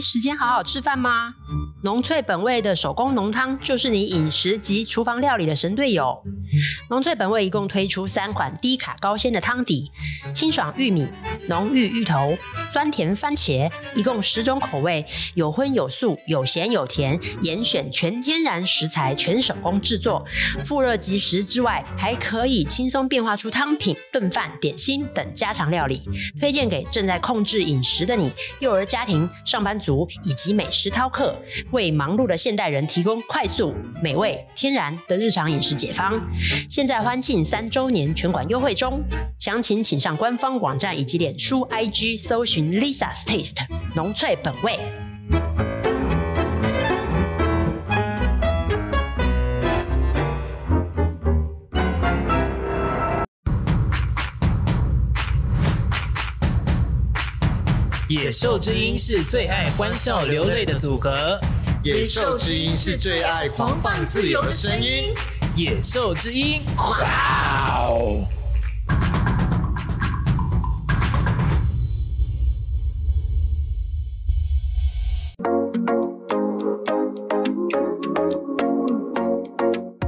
時間好好吃飯嗎？濃脆本味的手工濃湯就是你飲食及廚房料理的神隊友。濃粹本味一共推出三款低卡高鮮的湯底，清爽玉米、濃郁芋頭、酸甜番茄，一共十種口味，有葷有素，有鹹有甜，嚴選全天然食材，全手工製作，復熱即食之外，還可以輕鬆變化出湯品、燉飯、點心等家常料理，推薦給正在控制飲食的你、幼兒家庭、上班族以及美食饕客，為忙碌的現代人提供快速、美味、天然的日常飲食解方。現在歡慶三週年，全館優惠中。詳情請上官方網站以及臉書 IG 搜尋 LISA's TASTE 濃粹本味。野獸之音是最愛歡笑流淚的組合，野獸之音是最愛狂放自由的聲音。野獸之音，哇、wow!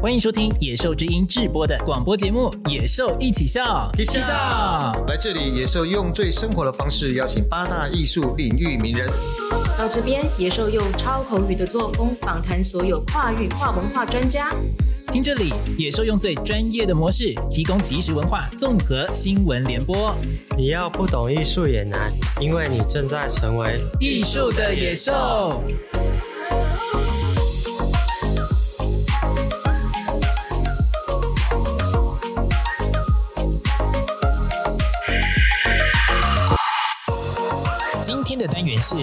歡迎收聽野獸之音製播的廣播節目《野獸藝起肖》，藝起肖！來這裡，野獸用最生活的方式邀請八大藝術領域名人。到這邊，野獸用超口語的作風訪談所有跨域跨文化專家。聽這裡，野獸用最專業的模式提供即時文化綜合新聞聯播。你要不懂藝術也難，因為你正在成為藝術的野獸。野獸今天的單元是《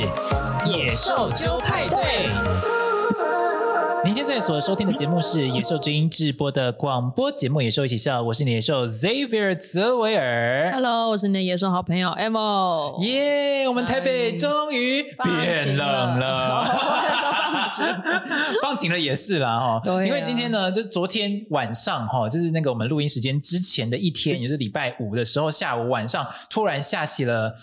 野獸揪派對》。您現在所收聽的節目是《野獸之音》製播的廣播節目《野獸藝起肖》，我是你的野獸 Xavier 澤維爾，Hello，我是你的野獸好朋友 Avo，耶，yeah, 我們台北終於變冷了，放晴了， 放晴了也是啦哈、哦啊，因為今天呢，就昨天晚上哈、哦，就是那個我們錄音時間之前的一天，也、就是禮拜五的時候下午晚上，突然下起了。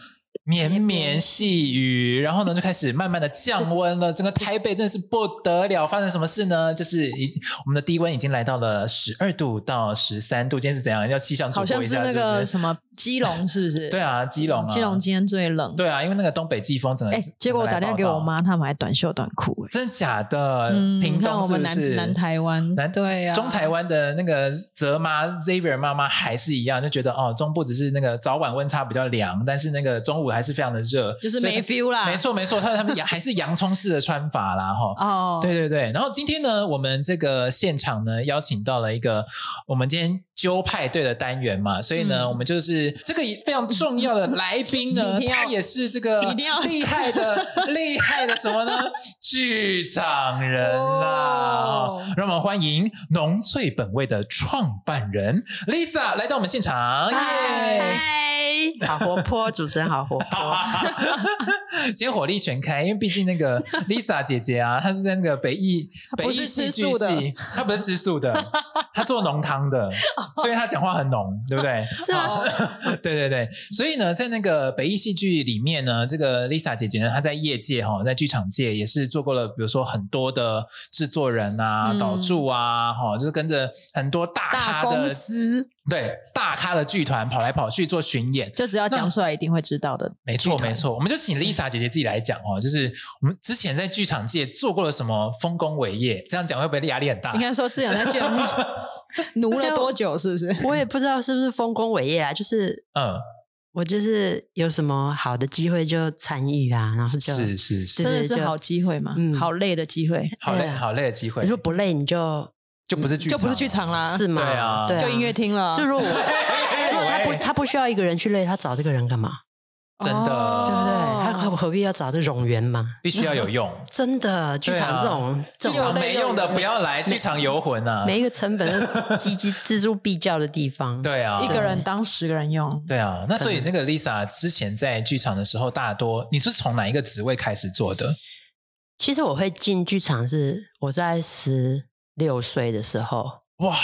綿綿細，細雨，然後呢，就開始慢慢的降溫了。 整個台北真的是不得了，發生什麼事呢？就是已經我們的低溫已經來到了十二度到十三度。今天是怎樣？要氣象主播一下是不是，就是好像是那個什麼基隆，是不是？ 對啊，基隆，啊，基隆今天最冷。對啊，因為那個東北季風整個。哎，欸，結果打電話給我媽，她買短袖短褲，欸，真的假的？平，嗯，看我們南南台灣南，對啊，中台灣的那個澤媽 Xavier 媽媽還是一樣，就覺得哦，中部只是那個早晚溫差比較涼，但是那個中午。還是非常的熱，就是沒 feel 啦。沒錯沒錯，他他們還是洋蔥式的穿法啦，吼， 哦，對對對。然後今天呢，我們這個現場呢，邀請到了一個我們今天揪派對的單元嘛，所以呢，嗯、我們就是這個也非常重要的來賓呢，嗯、他也是這個厲害的厲害的， 厲害的什麼呢？劇 場人啦、啊哦，讓我們歡迎濃粹本味的創辦人、哦、Lisa 來到我們現場，哦、耶！Hi 好活潑，主持人好活潑。 今天火力全開，因為畢竟那個 Lisa 姐姐啊， 她是在那個北藝北藝戲劇系，不是吃素的，她不是吃素的， 她做濃湯的， 所以她講話很濃，對不對、 是啊？好，對對對，所以呢，在那個北藝戲劇裡面呢，這個 Lisa 姐姐呢，她在業界哈，在劇場界也是做過了，比如說很多的制作人啊、嗯、導助啊，就是跟着很多大咖的大公司，對大咖的劇團跑來跑去做巡演，就只要講出來、嗯、一定會知道的，沒錯沒錯，我們就請 Lisa、嗯。姐姐自己來講哦，就是我們之前在劇場界做過了什麼豐功偉業？這樣講會不會壓力很大？應該說之前在劇場奴了多久？是不是？我也不知道是不是豐功偉業啊，就是嗯，我就是有什麼好的機會就參與啊，然後就是是是，就是就，真的是好機會嘛、嗯，好累的機會、哎，好累好累的機會。你說不累你就就不是劇就不是劇場啦，是嗎對、啊？對啊，就音樂廳了。就如果， 如果他不他不需要一個人去累，他找這個人幹嘛？真的、哦，對不對？還會何必要找這種人嗎？必須要有用。嗯、真的，劇場這種、啊、這種劇場沒，沒用的不要來。劇場遊魂啊，每，每一個成本是極極錙銖必較的地方。 對啊對，一個人當十個人用。對啊，那所以那個 Lisa 之前在劇場的時候，大多你是從哪一個職位開始做的？其實我會進劇場是我在十六歲的時候。哇，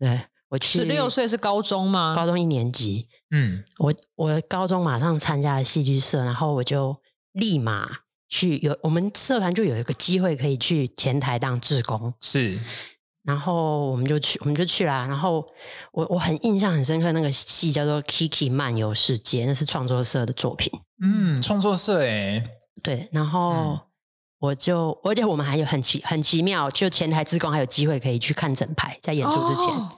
對我去十六歲是高中嗎？高中一年級。嗯，我我高中馬上參加了戲劇社，然後我就立馬去，有我們社團就有一個機會可以去前台當志工。是，然後我們就去我們就去啦。然後我我很印象很深刻那個戲叫做《Kiki 漫遊世界》，那是創作社的作品。嗯，創作社哎、欸，對，然後。嗯我就，而且我們還有很奇很奇妙，就前台志工還有機會可以去看整排，在演出之前。哦、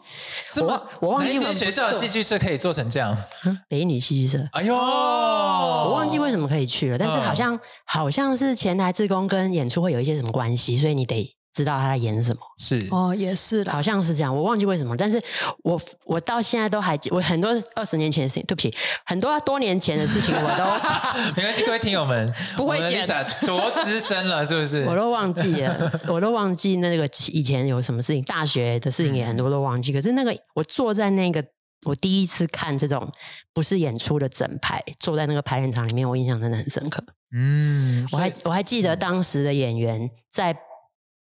我我忘記我們學校的戲劇社可以做成這樣，嗯、北一女戲劇社。哎呦、哦，我忘記為什麼可以去了，但是好像、哦、好像是前台志工跟演出會有一些什麼關係，所以你得。知道他在演什麼是？是哦，也是啦。好像是這樣。我忘記為什麼，但是我我到現在都還記得我很多二十年前的事情，對不起，很多多年前的事情我都 沒關係。各位聽友們，不會講多資深了， 是不是？我都忘記了，我都忘記那個以前有什麼事情，大學的事情也很多都忘記，嗯。可是那個我坐在那個我第一次看這種不是演出的整排坐在那個排練場裡面，我印象真的很深刻。嗯，我還我還記得當時的演員在。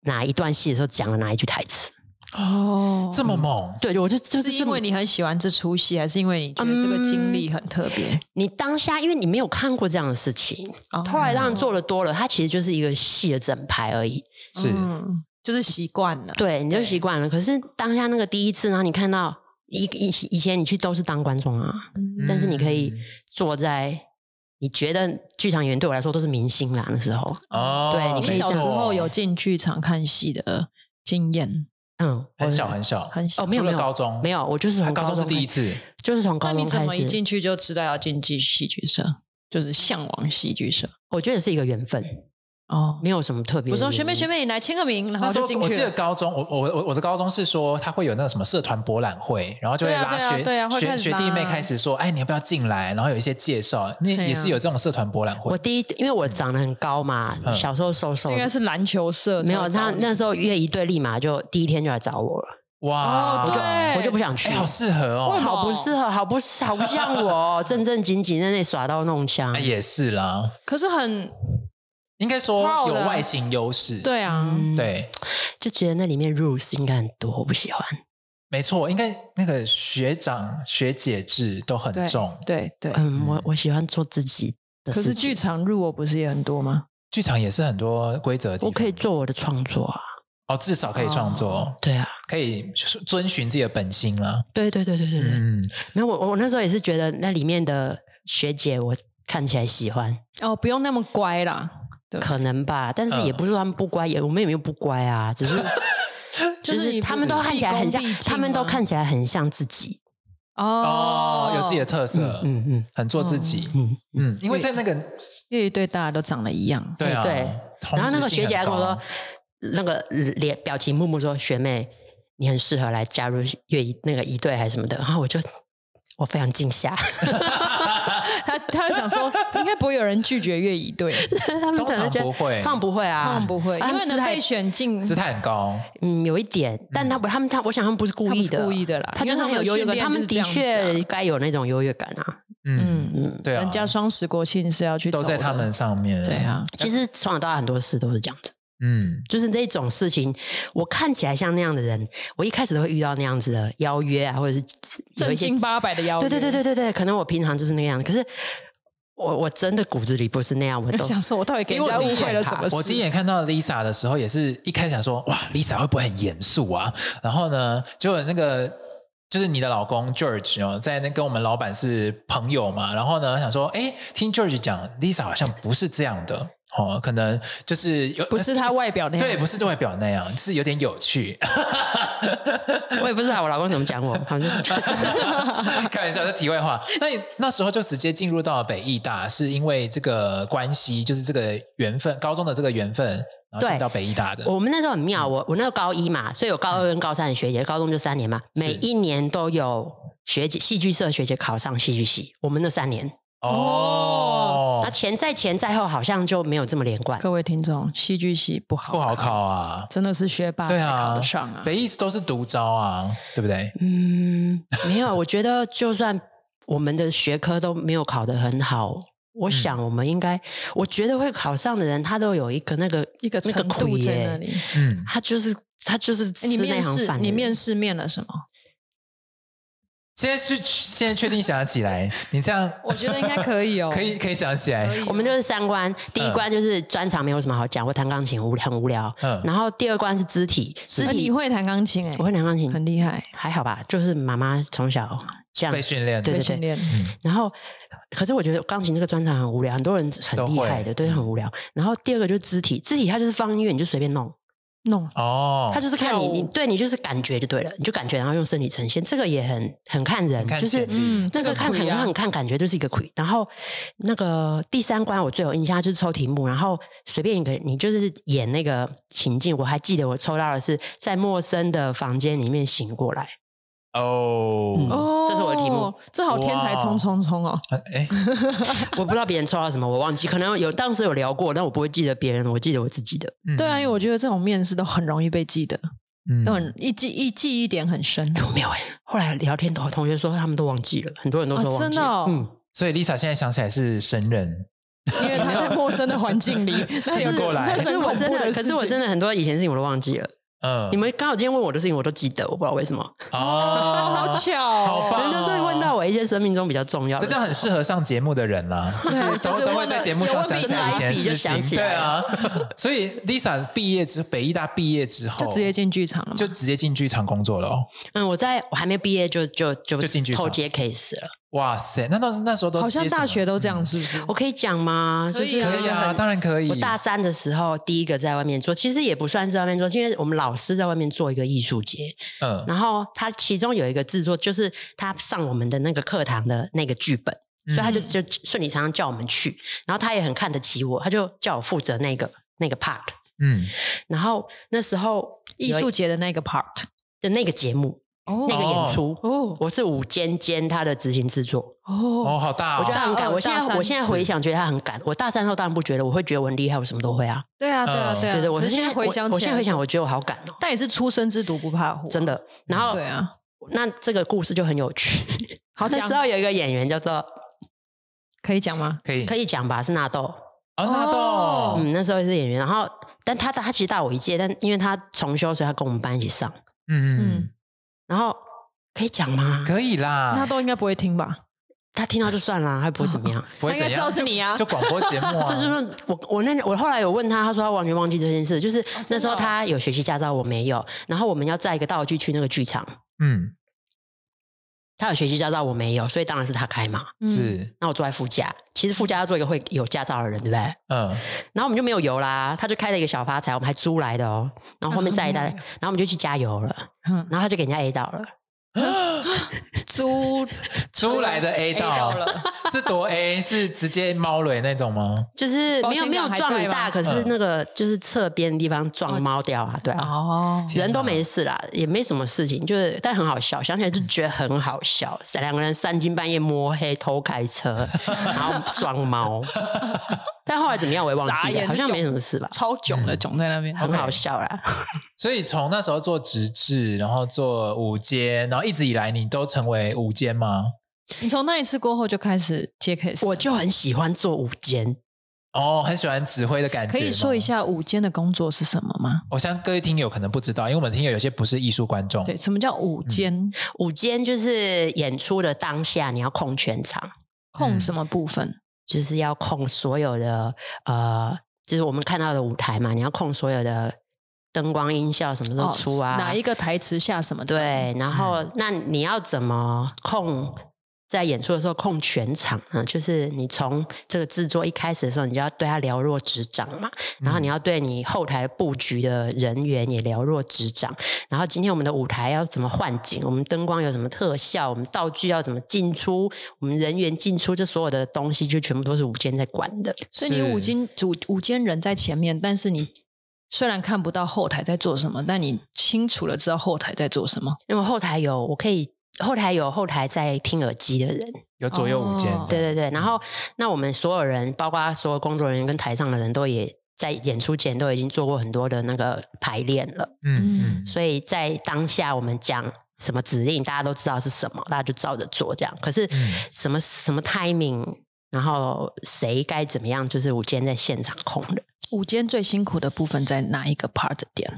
哪一段戲的時候講了哪一句台詞？哦、嗯，這麼猛！對，我就就是這個，是因為你很喜歡這出戲，還是因為你覺得這個經歷很特別，嗯？你當下因為你沒有看過這樣的事情，突然讓你做的多了，它其實就是一個戲的整排而已。哦、是、嗯，就是習慣了。對，你就習慣了。可是當下那個第一次，然後你看到以以以前你去都是當觀眾啊、嗯，但是你可以坐在。你覺得劇場演員對我來說都是明星啦。那時候哦，對你，你小時候有進劇場看戲的經驗？嗯，很小很小很小，哦，沒有沒有，高中沒有，我就是從高、高中是第一次，就是從高中。那你一進去就知道要進進戲劇社，就是嚮往戲劇社，我覺得是一個緣分。哦，沒有什麼特別。我說學妹學妹，你來簽個名，然後就進去。我記得高中，我我我的高中是說，他會有那個什麼社團博覽會，然後就會拉學對啊對啊對啊會學學弟妹開始說，哎，你要不要進來？然後有一些介紹，那也是有這種社團博覽會。啊，我第一，因為我長得很高嘛，嗯、小時候瘦瘦，應該是籃球社。沒有他那時候約一隊，立馬就第一天就來找我了。哇，哦、對，我就我就不想去，欸、好適合哦，好不適合，好不，好不像我 正正經經在那耍刀弄槍。啊、也是啦，可是很。應該說有外形優勢，對啊，嗯，對，就覺得那裡面 rules 應該很多，我不喜歡。沒錯，應該那個學長學姐制都很重，對、對、對。嗯，我我喜歡做自己的事情。可是劇場入我不是也很多嗎？劇場也是很多規則，我可以做我的創作啊。哦，至少可以創作，哦，對啊，可以遵循自己的本心啦，啊。對、對、對、對、對、對。嗯，那我我那時候也是覺得那裡面的學姐我看起來喜歡哦，不用那麼乖啦。可能吧，但是也不是說他們不乖，呃、也我們也沒有不乖啊，只是 就是他們都看起來很像，他們都看起來很像自己哦，哦，有自己的特色，嗯嗯，嗯，很做自己，嗯、哦、嗯，因為在那個樂儀隊大家都長得一樣，對、啊、對。然後那個學姐跟我說，說，那個臉表情木木說，學妹你很適合來加入樂儀隊那個儀隊還是什麼的，然後我就我非常驚嚇。 他就想說，應該不會有人拒絕樂儀隊， 他們可能不會，他們不會啊，他們不會，他們能被選進、啊，姿態很高，嗯，有一點，但他不、嗯，他們他們，我想他們不是故意的，他不是故意的啦，他，他就是很有優越感，他們的確該有那種優越感啊，嗯嗯，對啊、哦，人家雙十國慶是要去，都在他們上面，對啊，其實從小到大很多事都是這樣子。嗯，就是那種事情，我看起來像那樣的人，我一開始都會遇到那樣子的邀約啊，或者是正經八百的邀約，對對對對對，可能我平常就是那樣。可是我我真的骨子裡不是那樣，我都想說，我到底給人家誤會了什麼？我第一眼看到 Lisa 的時候，也是一開始想說， 哇，Lisa 會不會很嚴肅啊？然後呢，結果那個就是你的老公 George 哦，在那跟我們老闆是朋友嘛，然後呢，想說，誒、欸，聽 George 講，Lisa 好像不是這樣的。 哦，可能就是有不是他外表那樣。對，不是外表那樣， 是有點有趣。 我也不知道我老公怎麼講我，好像開玩笑，這題外話。 那你那時候就直接進入到了北藝大，是因為這個關係，就是這個緣分，高中的這個緣分，然後進到北藝大的？對，我們那時候很妙，嗯、我我那個高一嘛，所以有高二跟高三的學姐，嗯、高中就三年嘛，每一年都有學姐戲劇社學姐考上戲劇系，我們那三年哦。哦那、啊、前在前在後好像就沒有這麼連貫。各位聽眾，戲劇系不好，不好考啊！真的是學霸才考得上啊！每一次都是獨招啊，對不對？嗯， 沒有，我覺得就算我們的學科都沒有考得很好，我想我們應該，嗯、我覺得會考上的人，他都有一個那個一個那個程度在那裡。那個、queer, 嗯，他就是他就是、欸、你面試那你面試面了什麼？現在是現在確定想要起來，你這樣我覺得應該可以哦、喔， 可以可以想起來、喔。我們就是三關，第一關就是專長沒有什麼好講，我彈鋼琴無很無聊。嗯。然後第二關是肢體，肢體你會彈鋼琴哎、欸，我會彈鋼琴，很厲害，還好吧？就是媽媽從小這樣，被訓練，對對對被、嗯。然後，可是我覺得鋼琴這個專長很無聊，很多人很厲害的，對，很無聊。然後第二個就是肢體，肢體它就是放音樂，你就隨便弄。弄、no、哦，oh, 他就是看你，你對你就是感覺就對了，你就感覺，然後用身體呈現，這個也很很看人，看就是嗯，那個、這個可、啊、看很很看感覺，就是一個 key。然後那個第三關我最有印象就是抽題目，然後隨便一個，你就是演那個情境。我還記得我抽到的是在陌生的房間裡面醒過來。哦、oh, 嗯，這是我的題目，哦、這好天才，衝衝衝哦！ 我不知道別人抽到什麼，我忘記，可能有當時有聊過，但我不會記得別人，我記得我自己的。嗯、對啊，因為我覺得這種面試都很容易被記得，嗯、都很一記一記憶點很深。有、哎、沒有哎、欸，後來聊天同同學說他們都忘記了，很多人都說忘記了。啊哦、嗯，所以 Lisa 現在想起來是神人，因為她在陌生的環境裡醒 過來。可是我真的，可是我真的很多以前事情我都忘記了。.嗯、你們剛好今天問我的事情，我都記得，我不知道為什麼。哦， 好巧，哦， 好棒，哦。人就是問到我一些生命中比較重要的，這就很適合上節目的人啦。 就是 都、就是、都會在節目上講 以前的事情。起來 對啊，所以 Lisa 畢業之北藝大畢業之後就直接進劇場了嗎？就直接進劇場工作了。嗯，我在我還沒畢業就就就就進劇場直接 case 了。 哇塞，那倒是那時候都好像大學都這樣，是不是？嗯、我可以講嗎？可以、啊就是啊，可以啊，當然可以。我大三的時候，第一個在外面做，其實也不算是外面做，是因為我們老師在外面做一個藝術節，嗯，然後他其中有一個製作，就是他上我們的那個課堂的那個劇本，所以他就就順理成章叫我們去，然後他也很看得起我，他就叫我負責那個那個 part，嗯，然後那時候藝術節的那個 part 的那個節目。Oh, 那個演出，哦，oh, oh，我是吳尖尖，他的執行製作，哦，哦，好大，我覺得很敢。Oh, oh, 我現在，oh, 我現在回想，覺得他很敢。我大三後當然不覺得，我會覺得我很厲害，我什麼都會啊。對啊，對啊，對、嗯、啊，對，對,對我是。我現在回想，我現在回想，我覺得我好敢哦，喔。但也是初生之犢不怕虎，啊，真的。然後，嗯，對啊，那這個故事就很有趣。 好，像知道有一個演員叫做， 可以講嗎？可以，可以講吧。是納豆，啊，納豆，嗯，那時候也是演員。然後，但他他其實大我一屆，但因為他重修，所以他跟我們班一起上。嗯嗯。然後可以講嗎？嗯、可以啦，那他都應該不會聽吧？他聽到就算啦，他不會怎麼樣？啊啊，不會，他應該知道是你啊？就，就廣播節目，啊 就是不是我我，那我後來有問他，他說他完全忘記這件事。就是，哦哦，那時候他有學習駕照，我沒有。然後我們要載一個道具去那個劇場。嗯。他有學習駕照，我沒有，所以當然是他開嘛。是，嗯、那我坐在副駕。其實副駕要做一個會有駕照的人，對不對？嗯。然後我們就沒有油啦，他就開了一個小發財，我們還租來的哦、喔。然後後面再一搭、嗯嗯，然後我們就去加油了。嗯、然後他就給人家 A 到了。嗯 租出來的 A, A 到了。是躲 A 是直接貓尾那種嗎？就是沒有沒有撞大，可是那個就是側邊的地方撞貓掉啊，嗯、對啊，啊，人都沒事啦，也沒什麼事情，就是但很好笑，想起來就覺得很好笑，兩、嗯、個人三更半夜摸黑偷開車，然後撞貓， 但後來怎麼樣我也忘記了，好像沒什麼事吧，超囧的囧在那邊、嗯，很好笑啦。Okay. 所以從那時候做執照，然後做五階，然後一直以來你都成為。對，舞監嗎？你從那一次過後就開始接 case 我就很喜歡做舞監哦，oh, 很喜歡指揮的感覺。可以說一下舞監的工作是什麼嗎？我想各位聽友可能不知道，因為我們聽友有些不是藝術觀眾。對，什麼叫舞監？舞、嗯、監就是演出的當下，你要控全場，控什麼部分？嗯、就是要控所有的呃，就是我們看到的舞台嘛，你要控所有的。燈光音效什麼時候出啊、哦？哪一個台詞下什麼？對，嗯、然後那你要怎麼控？在演出的時候控全場啊，就是你從這個制作一開始的時候，你就要對他了若指掌嘛。然後你要對你後台布局的人員也了若指掌。嗯、然後今天我們的舞台要怎麼換景？我們燈光有什麼特效？我們道具要怎麼進出？我們人員進出，這所有的東西就全部都是舞監在管的。所以你舞監主舞監人在前面，但是你。雖然看不到後台在做什麼，但你清楚了，知道後台在做什麼。因為後台有，我可以後台有後台在聽耳機的人，有左右五間、哦，對對對。嗯、然後，那我們所有人，包括所有工作人員跟台上的人都也在演出前都已經做過很多的那個排練了。嗯嗯。所以在當下，我們講什麼指令，大家都知道是什麼，大家就照着做這樣。可是什麼、嗯、什麼 timing，然後誰該怎麼樣，就是我今天在現場控的。舞監最辛苦的部分在哪一個 part 點？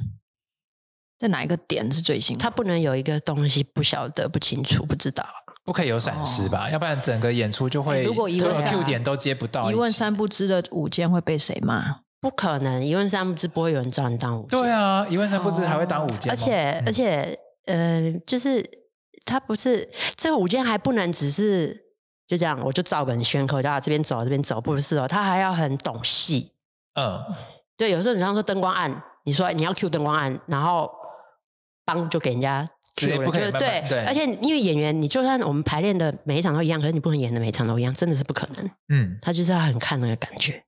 在哪一個點是最辛苦？他不能有一個東西不曉得、不清楚、不知道，不可以有閃失吧、哦？要不然整個演出就會如果一個 Q 點都接不到一、欸，一問三不知的舞監會被誰罵？不可能，一問三不知不會有人找你當舞。對啊，一問三不知還會當舞監。而、哦、且而且，嗯，呃、就是他不是，不是這個舞監還不能只是就這樣，我就照本宣科，就、啊、這邊走這邊走，不是哦，他、嗯、還要很懂戲。嗯、uh.，對，有時候你像說燈光暗，你說你要 cue 燈光暗，然後幫就給人家 cue 對慢慢對。而且因為演員，你就算我們排練的每一場都一樣，可是你不能演的每一場都一樣，真的是不可能。嗯，他就是要很看那個感覺。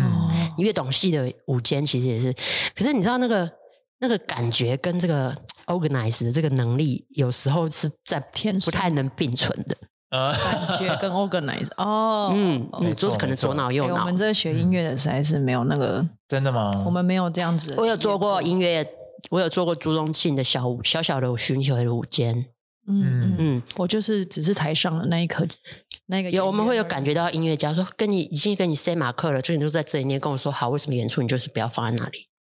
哦、嗯，你越懂戲的舞間，其實也是。可是你知道那個那個感覺跟這個 organize 的這個能力，有時候是在不太能並存的。Uh, 感覺跟 organize 哦，oh, 嗯，你就是可能左腦右腦，我們這個學音樂的實在是沒有那個、嗯，真的嗎？我們沒有這樣子。我有做過音樂，我有做過朱宗慶的小小小的我巡演的舞間，嗯嗯，嗯，我就是只是台上的那一刻，那個有我們會有感覺到音樂家說跟你已經跟你塞馬克了，就你都在這裡念，跟我說好，為什麼演出你就是不要放在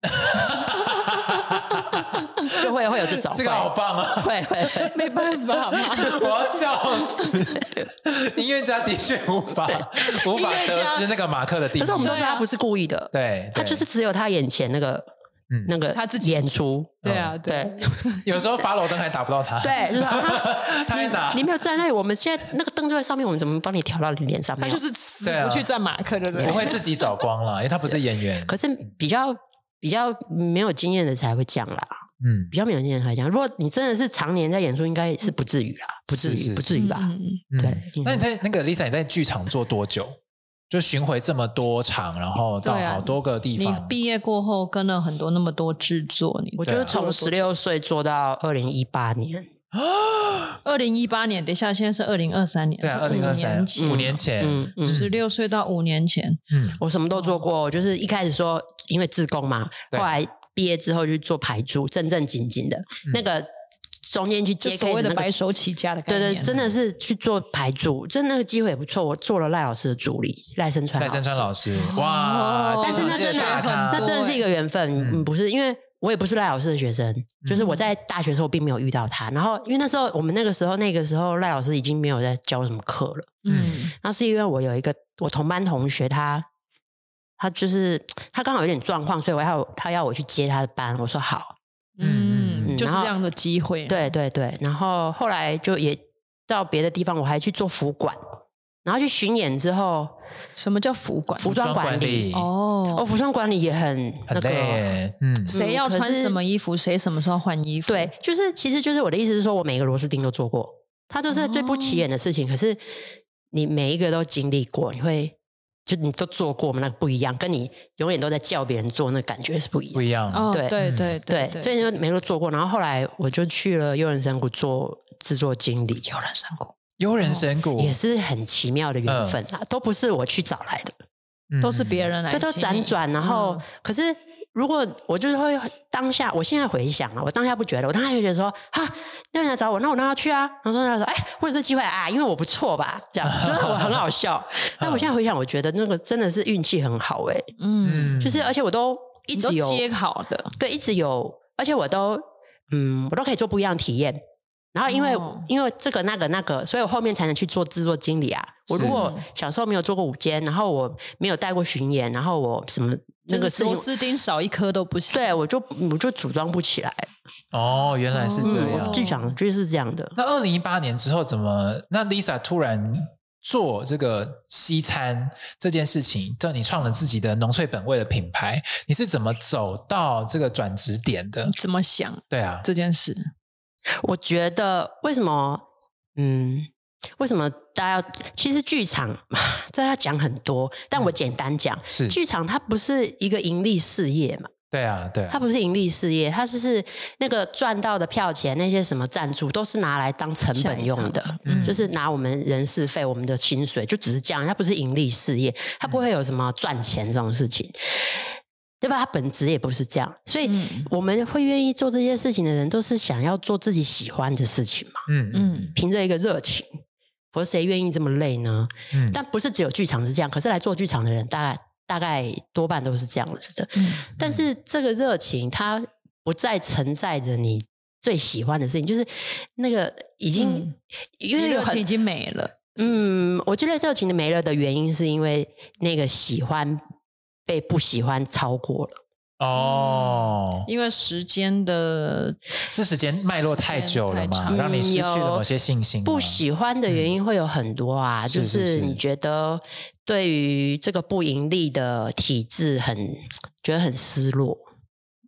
那裡？ 就會會有這種，這個好棒啊會！會會沒辦法， 我要笑死！ 音樂家的確無法無法得知那個馬克的地方。可是我們都知道他不是故意的，對、啊、他就是只有他眼前那個，嗯，那個他自己演出。對啊對，對，有時候 Follow 燈還打不到他，對，對 對就是啊、他 他打你，你沒有站在那裡。我們現在那個燈就在上面，我們怎麼幫你調到你臉上面，啊？他就是死不去在馬克的，啊，我會自己找光了， 因為他不是演員。可是比較比較沒有經驗的才會這樣啦。嗯，比較勉強一點來講，如果你真的是常年在演出，應該是不至於啦、啊嗯，不至於，不至於吧？嗯、對、嗯。那你在那個 Lisa，你在劇場做多久？就巡迴這麼多場，然後到好多個地方。畢、啊、業過後跟了很多那麼多製作，你我覺得從十六歲做到二零一八年，二零一八年，等一下，現在是二零二三年，對、啊，二零二三年，五年前，嗯，十六歲到五年前，嗯，我什麼都做過，哦、就是一開始說，因為自工嘛，對後來。畢業之後，去做排助，正正經經的、嗯、那個中間去接 case 那個，、所謂的白手起家的，對對，對、嗯，真的是去做排助，真、嗯、的那個機會也不錯。我做了賴老師的助理，賴聲川老師，賴聲川老師，哇、哦他他！但是那真的，那真的是一個緣分、嗯嗯，不是因為我也不是賴老師的學生、嗯，就是我在大學時候並沒有遇到他。然後因為那時候我們那個時候那個時候賴老師已經沒有在教什麼課了，嗯，那是因為我有一個我同班同學他。他就是他剛好有點狀況，所以我要他要我去接他的班。我說好，嗯，嗯，就是這樣的機會。對對對，然後後來就也到別的地方，我還去做服管，然後去巡演，之後，什麼叫服管？服裝管理，管理哦，哦，服裝管理也很，很累，那個。誰、嗯、要穿什麼衣服，誰、嗯、什麼時候換衣服？對，就是其實就是我的意思是說，我每個螺絲釘都做過，它就是最不起眼的事情，哦、可是你每一個都經歷過，你會。就你都做過嘛？那個、不一樣，跟你永遠都在叫別人做，那個、感覺是不一樣。不一樣對、哦，對對對，對，對所以說沒有做過，然後後來我就去了優人神鼓做製作經理。優人神鼓，優人神鼓然也是很奇妙的緣分、呃、啊，都不是我去找來的，都是別人來。兜兜轉轉，然後、嗯、可是如果我就是會當下，我現在回想啊，我當下不覺得，我當下就覺得說哈就你想找我，那我讓他去啊。然後說：“他說，哎，或者這機會啊，因為我不錯吧，這樣，真 的我很好笑。 但我現在回想，我覺得那個真的是運氣很好哎，欸。嗯，就是而且我都一直有接好的，對，一直有，而且我都嗯，我都可以做不一樣的體驗。然後因為、嗯、因為這個那個那個，所以我後面才能去做制作經理啊。我如果小時候沒有做過舞監，然後我沒有帶過巡演，然後我什麼、就是、那個螺絲釘少一顆都不行，對我就我就組裝不起來。嗯”哦，原來是這樣。嗯、劇場劇是這樣的。那二零一八年之後怎麼那 Lisa 突然做這個西餐這件事情，叫你創了自己的濃粹本味的品牌，你是怎麼走到這個轉職點的？怎麼想？對啊，這件事，我覺得為什麼，嗯，為什麼大家要？其實劇場這要講很多，但我簡單講，嗯、是劇場它不是一個盈利事業嘛。對啊，對、啊，它不是盈利事業，它是是那個賺到的票錢，那些什麼贊助都是拿來當成本用的，嗯、就是拿我們人事費、嗯、我們的薪水，就只是這樣。它不是盈利事業，它不會有什麼賺錢這種事情，嗯、對吧？它本質也不是這樣，所以我們會願意做這些事情的人，都是想要做自己喜歡的事情嘛。嗯嗯，憑着一個熱情，我說誰願意這麼累呢？嗯、但不是只有劇場是這樣，可是來做劇場的人，大概。大概多半都是這樣子的，但是這個熱情它不再承載着你最喜歡的事情，就是那個已經因為熱情已經沒了。嗯，我覺得熱情的沒了的原因是因為那個喜歡被不喜歡超過了。哦、嗯，因為時間的，是時間脈絡太久了嗎？讓你失去了某些信心。嗯，不喜歡的原因會有很多啊，就是，是，是你覺得對於這個不盈利的體制很、很覺得很失落。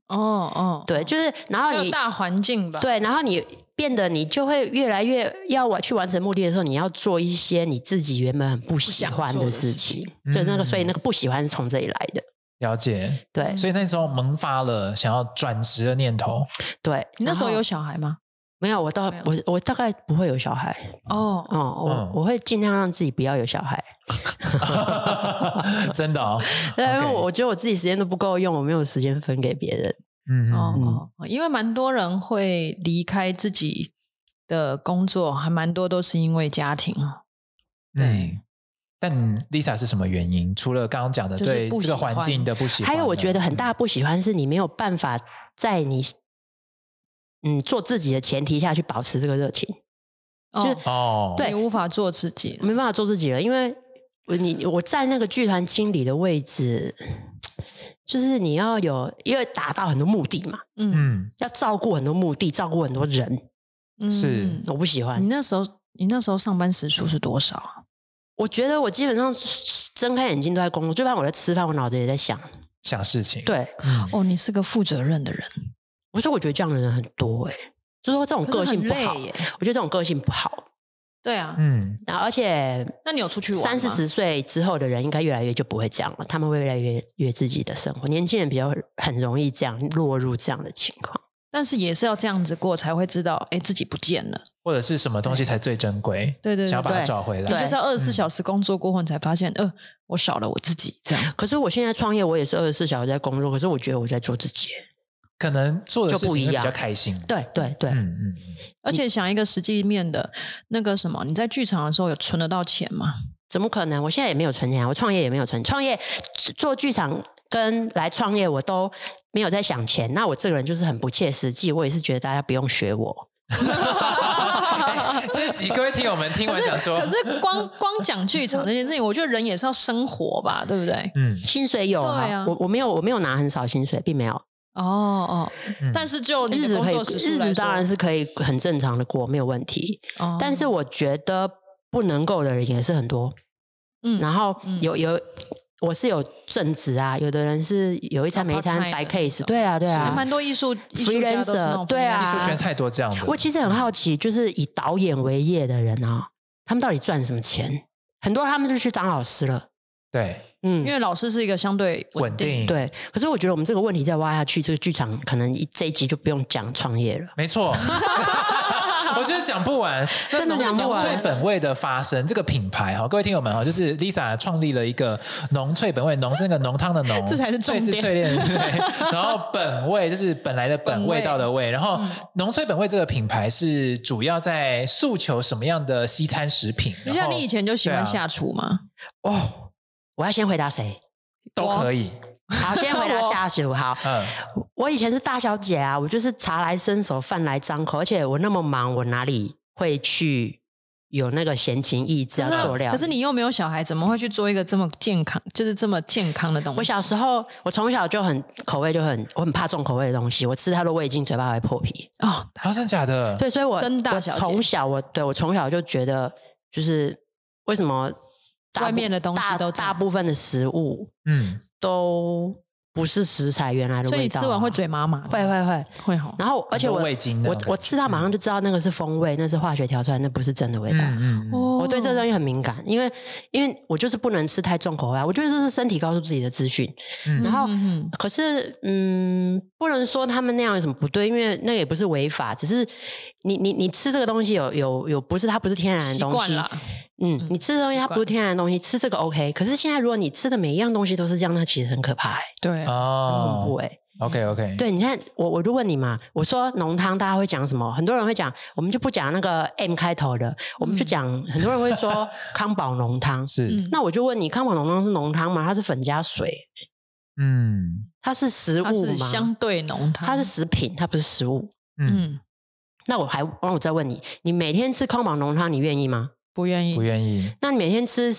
哦哦，對，就是然後你有大環境吧，對，然後你變得你就會越來越要去完成目的的時候，你要做一些你自己原本很不喜歡的事情，就那個、嗯，所以那個不喜歡是從這裡來的。了解，對，所以那時候萌發了想要轉職的念頭。對，你那時候有小孩嗎？沒有，我到我我大概不會有小孩。哦、oh. 哦、嗯，我、嗯、我會盡量讓自己不要有小孩。 真的，哦？ 對，因為我覺得我自己時間都不夠用，我沒有時間分給別人。嗯哦、嗯、因為蠻多人會離開自己的工作，還蠻多都是因為家庭。對。嗯但 Lisa 是什麼原因？除了剛剛講的對這個環境的不喜歡，還有我覺得很大不喜歡是你沒有辦法在你嗯，嗯做自己的前提下去保持這個熱情，哦就是、哦，對，你無法做自己，沒辦法做自己了，因為我你我在那個劇團經理的位置，嗯、就是你要有因為達到很多目的嘛，嗯，要照顧很多目的，照顧很多人，嗯、是我不喜歡。你那時候你那時候上班時數是多少啊？嗯我覺得我基本上睜開眼睛都在工作，就算我在吃飯，我腦子也在想想事情。對，哦，你是個負責任的人。我說，我覺得這樣的人很多哎、欸，就是說這種個性不好耶。我覺得這種個性不好。對啊，嗯，然後而且，那你有出去玩？三四十歲之後的人，應該越來越就不會這樣了。他們會越來越越自己的生活。年輕人比較很容易這樣落入這樣的情況。但是也是要這樣子過，才會知道，哎、欸，自己不見了，或者是什麼東西才最珍貴。對對，對，對對，想要把它找回來，對，就是要二十四小時工作過後，你才發現、嗯，呃，我少了我自己這樣。可是我現在創業，我也是二十四小時在工作，可是我覺得我在做自己，可能做的事情比較開心。對對對，嗯，嗯，嗯。而且想一個實際面的，那個什麼，你在劇場的時候有存得到錢嗎？怎麼可能？我現在也沒有存錢、啊，我創業也沒有存錢。創業做劇場跟來創業，我都。沒有在想錢，那我這個人就是很不切實際。我也是覺得大家不用學我。 這集各位聽友們聽完想說可，可是光光講劇場這件事情，我覺得人也是要生活吧，對不對？嗯，薪水有啊，對啊我我沒有我沒有拿很少薪水，並沒有。哦哦、嗯，但是就日子可以，日子當然是可以很正常的過，沒有問題。哦、但是我覺得不能夠的人也是很多。嗯、然後有、嗯、有。有我是有正職啊，有的人是有一餐沒一餐，白 case、嗯。對啊，對啊，蠻多藝術、藝術人者、啊，對啊，藝術圈太多這樣的。我其實很好奇，就是以導演為業的人啊、哦，他們到底賺什麼錢、嗯？很多他們就去當老師了。對，嗯，因為老師是一個相對穩定，穩定。對，可是我覺得我們這個問題再挖下去，這個劇場可能一這一集就不用講創業了。沒錯。 我覺得講不完。啊、真的講不完。濃粹本味的發生，啊、這個品牌哈、喔，各位聽友們哈、喔，就是 Lisa 創立了一個濃粹本味，濃是那個濃湯的濃，這才是重點。粹是淬煉的粹， 然後本味就是本來的本味道的味。味然後濃粹、嗯、本味這個品牌是主要在訴求什麼樣的西餐食品？你知道你以前就喜歡下廚嗎、啊？哦，我要先回答誰都可以。 好，先回到下屬。好、嗯，我以前是大小姐啊，我就是茶來伸手，飯來張口，而且我那麼忙，我哪裡會去有那個閒情逸致啊做料理？可是你又沒有小孩，怎麼會去做一個這麼健康，就是這麼健康的東西？我小時候，我從小就很口味就很，我很怕重口味的東西，我吃它的味精，嘴巴會破皮。哦，它是假的？對，所以我，真的我從小我對我從小就覺得，就是為什麼外面的東西都大，大部分的食物，嗯。都不是食材原來的味道，所以你吃完會嘴麻麻，會會會會。然後，而且我我我，我吃它馬上就知道那個是風味，那是化學調出來，那不是真的味道。嗯，嗯，嗯、我對這個東西很敏感，因為因為我就是不能吃太重口味，啊，我覺得這是身體告訴自己的資訊。然後，可是嗯，不能說他們那樣有什麼不對，因為那也不是違法，只是你，你你你吃這個東西有有有不是它不是天然的東西。嗯，你吃的東西它不是天然的東西，嗯、吃這個 OK。可是現在如果你吃的每一樣東西都是這樣，那個、其實很可怕、欸，對、哦，很恐怖哎、欸。OK OK，對，你看我我就問你嘛，我說濃湯大家會講什麼？很多人會講，我們就不講那個 M 開頭的，我們就講、嗯、很多人會說 康寶濃湯是、嗯。那我就問你，康寶濃湯是濃湯嗎？它是粉加水，嗯，它是食物嗎？它是相對濃湯，它是食品，它不是食物。嗯，嗯那我還，那我再問你，你每天吃康寶濃湯，你願意嗎？不願意，不願意。那你每天吃，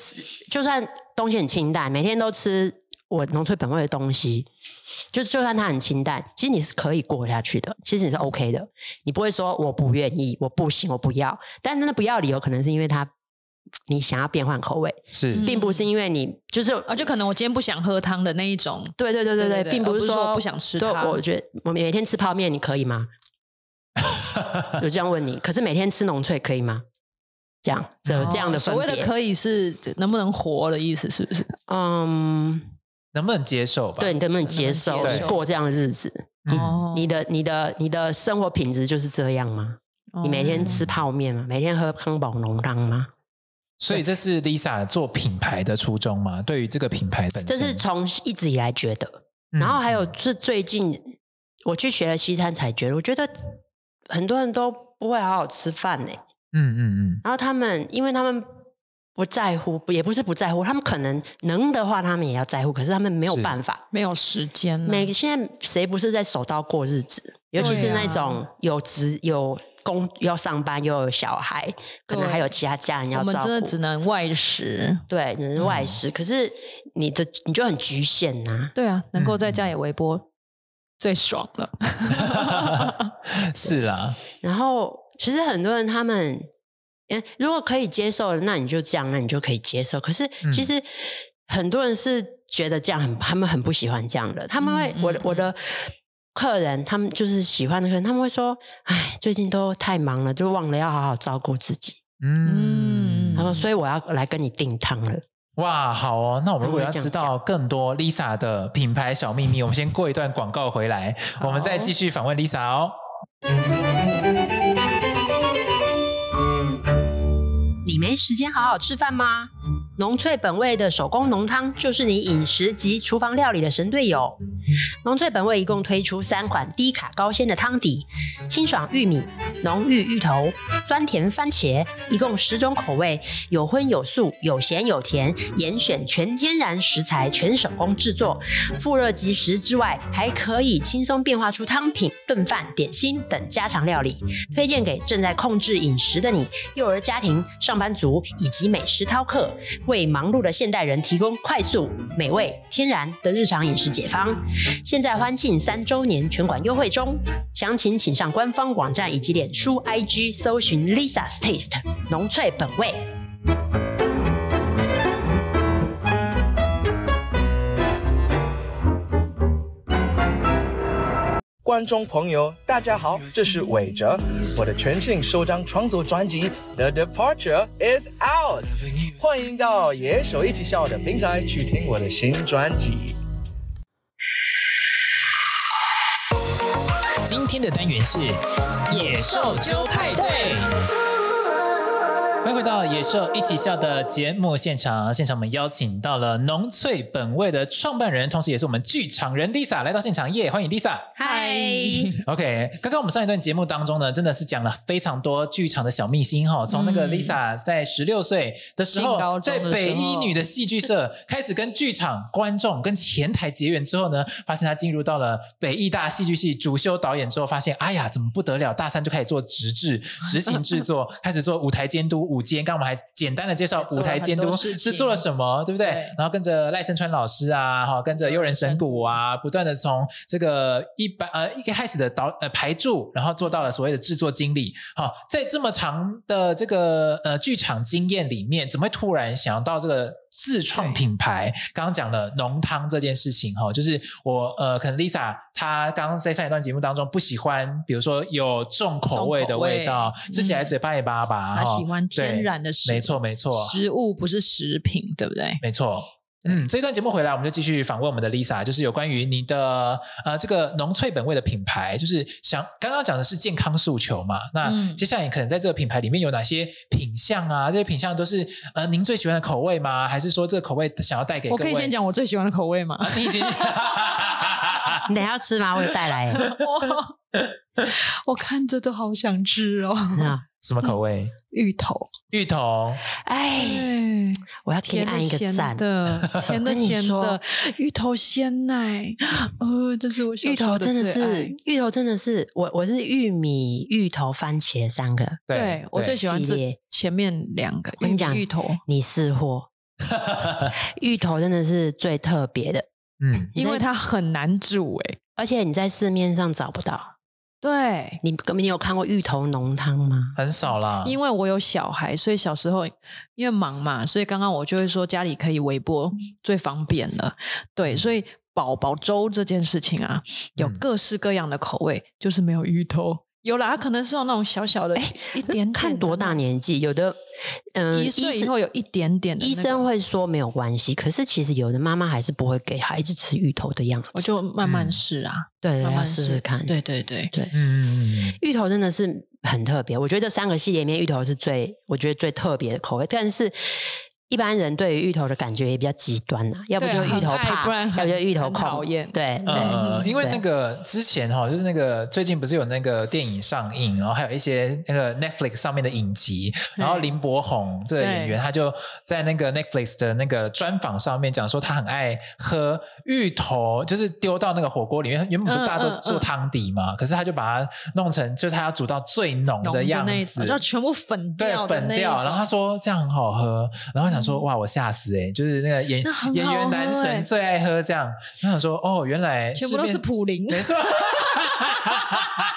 就算東西很清淡，每天都吃我濃粹本味的東西，就就算它很清淡，其實你是可以過下去的，其實你是 OK 的，你不會說我不願意，我不行，我不要。但是那不要理由，可能是因為它，你想要變換口味是、嗯，並不是因為你就是，而、啊、且可能我今天不想喝湯的那一種。對對對對對，對對對並不是，不是說我不想吃。對，我覺得我每天吃泡麵，你可以嗎？就 這樣問你，可是每天吃濃粹可以嗎？這樣，這這樣的、哦、所謂的可以是能不能活的意思，是不是？嗯，能不能接受吧？對，你能不能接受，能能接受過這樣的日子？你，哦、你的你的你的生活品質就是這樣嗎？哦、你每天吃泡麵嗎、嗯嗯？每天喝康寶濃湯嗎？所以這是 Lisa 做品牌的初衷嗎？對於這個品牌本身，這是從一直以來覺得、嗯，然後還有是最近我去學了西餐才覺得，我覺得很多人都不會好好吃飯呢、欸。嗯嗯嗯，然後他們，因為他們不在乎，也不是不在乎，他們可能能的話，他們也要在乎，可是他們沒有辦法，沒有時間了。每個現在誰不是在手刀過日子？尤其是那種有職有工要上班又有小孩，可能還有其他家人要，我們真的只能外食，嗯、對，只能外食。嗯、可是你的你就很局限吶、啊，對啊，能夠在家裡微波最爽了，嗯嗯 是啦，然後。其實很多人他們，如果可以接受，那你就這樣，那你就可以接受。可是其實很多人是覺得這樣很，他們很不喜歡這樣的。他們會，嗯嗯、我的我的客人，他們就是喜歡的客人，他們會說：“哎，最近都太忙了，就忘了要好好照顧自己。嗯”嗯，他說：“所以我要來跟你訂湯了。”哇，好哦。那我們如果要知道更多 Lisa 的品牌小祕密，我們先過一段廣告回來，哦、我們再繼續訪問 Lisa 哦。嗯沒時間好好吃飯嗎？濃粹本味的手工濃湯就是你飲食及廚房料理的神隊友。濃粹本味一共推出三款低卡高鮮的湯底：清爽玉米、濃郁芋頭、酸甜番茄，一共十種口味，有葷有素，有鹹有甜，嚴選全天然食材，全手工制作，復熱即食之外，還可以輕鬆變化出湯品、燉飯、點心等家常料理，推薦給正在控制飲食的你、幼兒家庭、上班族以及美食饕客。為忙碌的現代人提供快速、美味、天然的日常飲食解方。現在歡慶三周年，全館優惠中，詳情請上官方網站以及臉書、IG 搜尋 Lisa's Taste，濃粹本味。觀眾朋友，大家好，這是韋哲，我的全新首張創作專輯《The Departure Is Out》，歡迎到野獸藝起肖的平台去聽我的新專輯。今天的單元是野獸揪派對。歡迎回到《野獸藝起肖》的節目現場。現場我們邀請到了濃粹本味的創辦人，同時也是我們劇場人 Lisa 來到現場，耶，歡迎 Lisa。嗨，OK。剛剛我們上一段節目當中呢，真的是講了非常多劇場的小秘辛哈、哦。從那個 Lisa 在十六歲的時候，嗯、在北一女的戲劇社開始跟劇場觀眾、跟前台結緣之後呢，發現她進入到了北藝大戲劇系主修導演之後，發現哎呀，怎麼不得了？大三就開始做執製，執行制作，開始做舞台監督。 舞監，剛我們還簡單的介紹舞台監督是做了什麼，對，對不對，對？然後跟着賴聲川老師啊，哈，跟着優人神鼓啊，不斷的從這個一般呃一開始的導呃排柱，然後做到了所謂的制作經理，哈，在這麼長的這個呃劇場經驗裡面，怎麼會突然想到這個？自創品牌，剛剛講了濃湯這件事情哈、哦，就是我呃，可能 Lisa 她剛剛在上一段節目當中不喜歡，比如說有重口味的味道，味吃起來嘴巴也巴巴、啊哦，她、嗯、喜歡天然的食，食物。沒錯沒錯，食物不是食品，對不對？沒錯。嗯，這一段節目回來，我們就繼續訪問我們的 Lisa，就是有關於你的呃這個濃粹本味的品牌，就是想剛剛講的是健康訴求嘛。那接下來你可能在這個品牌裡面有哪些品項啊、嗯，這些品項都是呃您最喜歡的口味嗎？還是說這個口味想要帶給？我可以先講我最喜歡的口味嗎？啊、你等下 吃嗎？我有帶來我。我看着都好想吃哦。嗯啊、什麼口味？芋頭，芋頭，哎，我要給你按一個讚的，甜的、鹹的， 的鹹的 芋頭鮮奶，呃、 哦，這是我芋頭真的是芋頭真的是我我是玉米、芋頭、番茄三個，對，對我最喜歡這前面兩個，我跟你講，芋頭你識貨， 芋頭真的是最特別的，嗯，因為它很難煮哎、欸，而且你在市面上找不到。對，你根本，你有看過芋頭濃湯嗎？很少啦，因為我有小孩，所以小時候因為忙嘛，所以剛剛我就會說家裡可以微波最方便了。對，所以寶寶粥這件事情啊，有各式各樣的口味，嗯、就是沒有芋頭。有了，他可能是用那種小小的，哎，一點點、欸。看多大年紀，有的，嗯、呃，一歲以後有一點點，醫生會說沒有關係。可是其實有的媽媽還是不會給孩子吃芋頭的樣子，我就慢慢試啊，嗯、對,對，慢慢試試看，對對對對，嗯、芋頭真的是很特別。我覺得三個系列裡面，芋頭是最我覺得最特別的口味，但是。一般人對於芋頭的感覺也比較極端、啊、要不就芋頭怕，要不就芋頭討厭。對，對，嗯嗯、對，因為那個之前哈、哦，就是那個最近不是有那個電影上映，然後還有一些那個 Netflix 上面的影集，然後林柏宏這個演員他就在那個 Netflix 的那個專訪上面講說他很愛喝芋頭，就是丟到那個火鍋裡面，原本不是大家都做湯底嘛、嗯嗯嗯，可是他就把它弄成就是他要煮到最濃的樣子，要全部粉掉對，粉掉，然後他說這樣很好喝，然後想說哇，我嚇死哎、欸，就是那個演那好演員男神最愛喝這樣。我想說哦，原來全部都是普林，沒錯。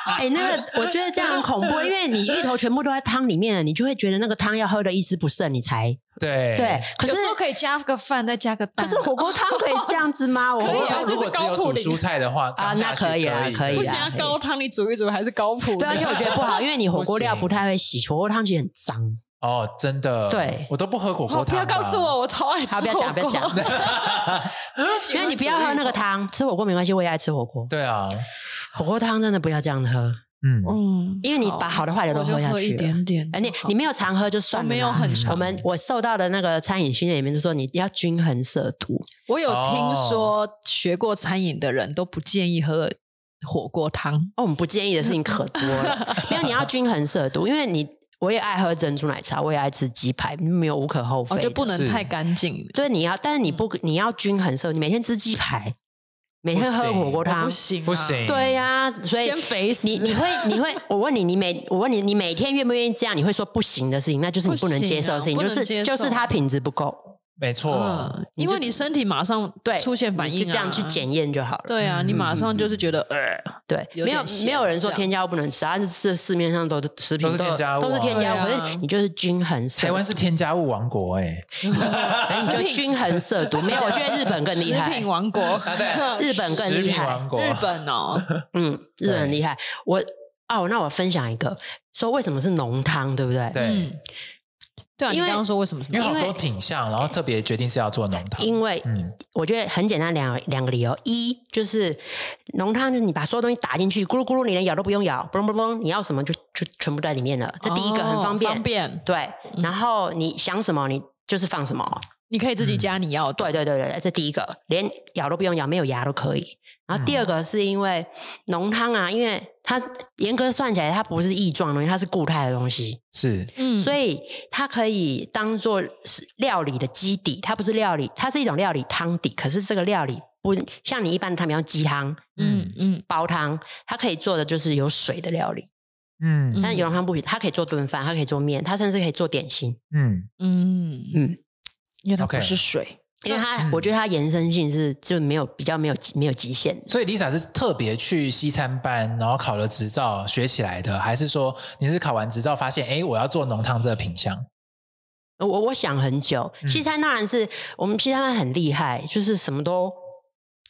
哎、 欸，那個我覺得這樣很恐怖，因為你芋頭全部都在湯裡面了，你就會覺得那個湯要喝得一絲不剩，你才對。對，可是可以加個飯，再加個蛋。可是火鍋湯可以這樣子嗎？ 可以、啊，就是高普林。蔬菜的話啊，那可以啊。可以。可以啊可以啊、不行、啊可以可以，高湯你煮一煮還是高普。對、啊，而且我覺得不好， 不行，因為你火鍋料不太會洗，火鍋湯其實很髒。哦，真的，對我都不喝火鍋湯、哦。不要告訴我，我超愛吃火鍋。好，不要講，不要講。因 為 你不要喝那個湯，吃火鍋沒關係，我也愛吃火鍋。對啊，火鍋湯真的不要這樣喝。嗯嗯，因為你把好的壞的都喝下去了。我就喝一點點、欸、你，你沒有常喝就算了。我沒有很常喝。我們我受到的那個餐飲訓練裡面就是說，你要均衡攝毒。我有聽說學過餐飲的人都不建議喝火鍋湯、哦。哦，我們不建議的事情可多了，因 為你要均衡攝毒，因為你。我也愛喝珍珠奶茶，我也愛吃雞排，沒有無可厚非。哦，就不能太乾淨。對，你要，但是你不，你要均衡攝入，你每天吃雞排，每天喝火鍋湯，不行，不行、啊。對呀、啊，所以先肥死。你你會你會，我問你，你每我問你，你每天願不願意這樣？你會說不行的事情，那就是你不能接受的事情，啊、就是就是它品質不夠。沒錯、啊嗯，因為你身體馬上對出現反應、啊，就這樣去檢驗就好了。對啊、嗯，你馬上就是覺得、嗯、呃，對，有沒有沒有人說添加物不能吃、啊，但是市市面上都食品都，都是添加物、啊，都是添加物，啊、可是你就是均衡色。台灣是添加物王國、欸，哎， 就均衡色毒沒有， 我覺得日本更厲害，食品王國， 日本更厲害，日本哦，嗯，日本厲害。我哦，那我分享一個，說為什麼是濃湯，對不對？對。嗯對，啊，因為，你剛剛說為什麼什麼？因為好多品相，然後特別決定是要做濃湯。因為、嗯，我覺得很簡單兩，兩兩個理由，一就是濃湯，就是你把所有東西打進去，咕嚕咕嚕，你連咬都不用咬，嘣嘣嘣，你要什麼就就全部在裡面了。這第一個很方便，哦、方便。對、嗯，然後你想什麼，你就是放什麼。你可以自己加，你要、嗯、對對對對，這第一個連咬都不用咬，沒有牙都可以。然後第二個是因為濃湯啊，嗯、因為它嚴格算起來它不是液狀東西，它是固態的東西，是、嗯，所以它可以當做料理的基底，它不是料理，它是一種料理湯底。可是這個料理不像你一般的湯，比如雞湯，嗯嗯，煲湯，它可以做的就是有水的料理，嗯，但濃湯不許，它可以做燉飯，它可以做麵，它甚至可以做點心，嗯嗯嗯。因為它不是水，okay，因為它、嗯、我覺得它延伸性是就沒有比較沒有沒有極限。所以 Lisa 是特別去西餐班，然後考了執照學起來的，還是說你是考完執照發現，哎，我要做濃湯這個品相？我我想很久，西餐當然是、嗯、我們西餐班很厲害，就是什麼都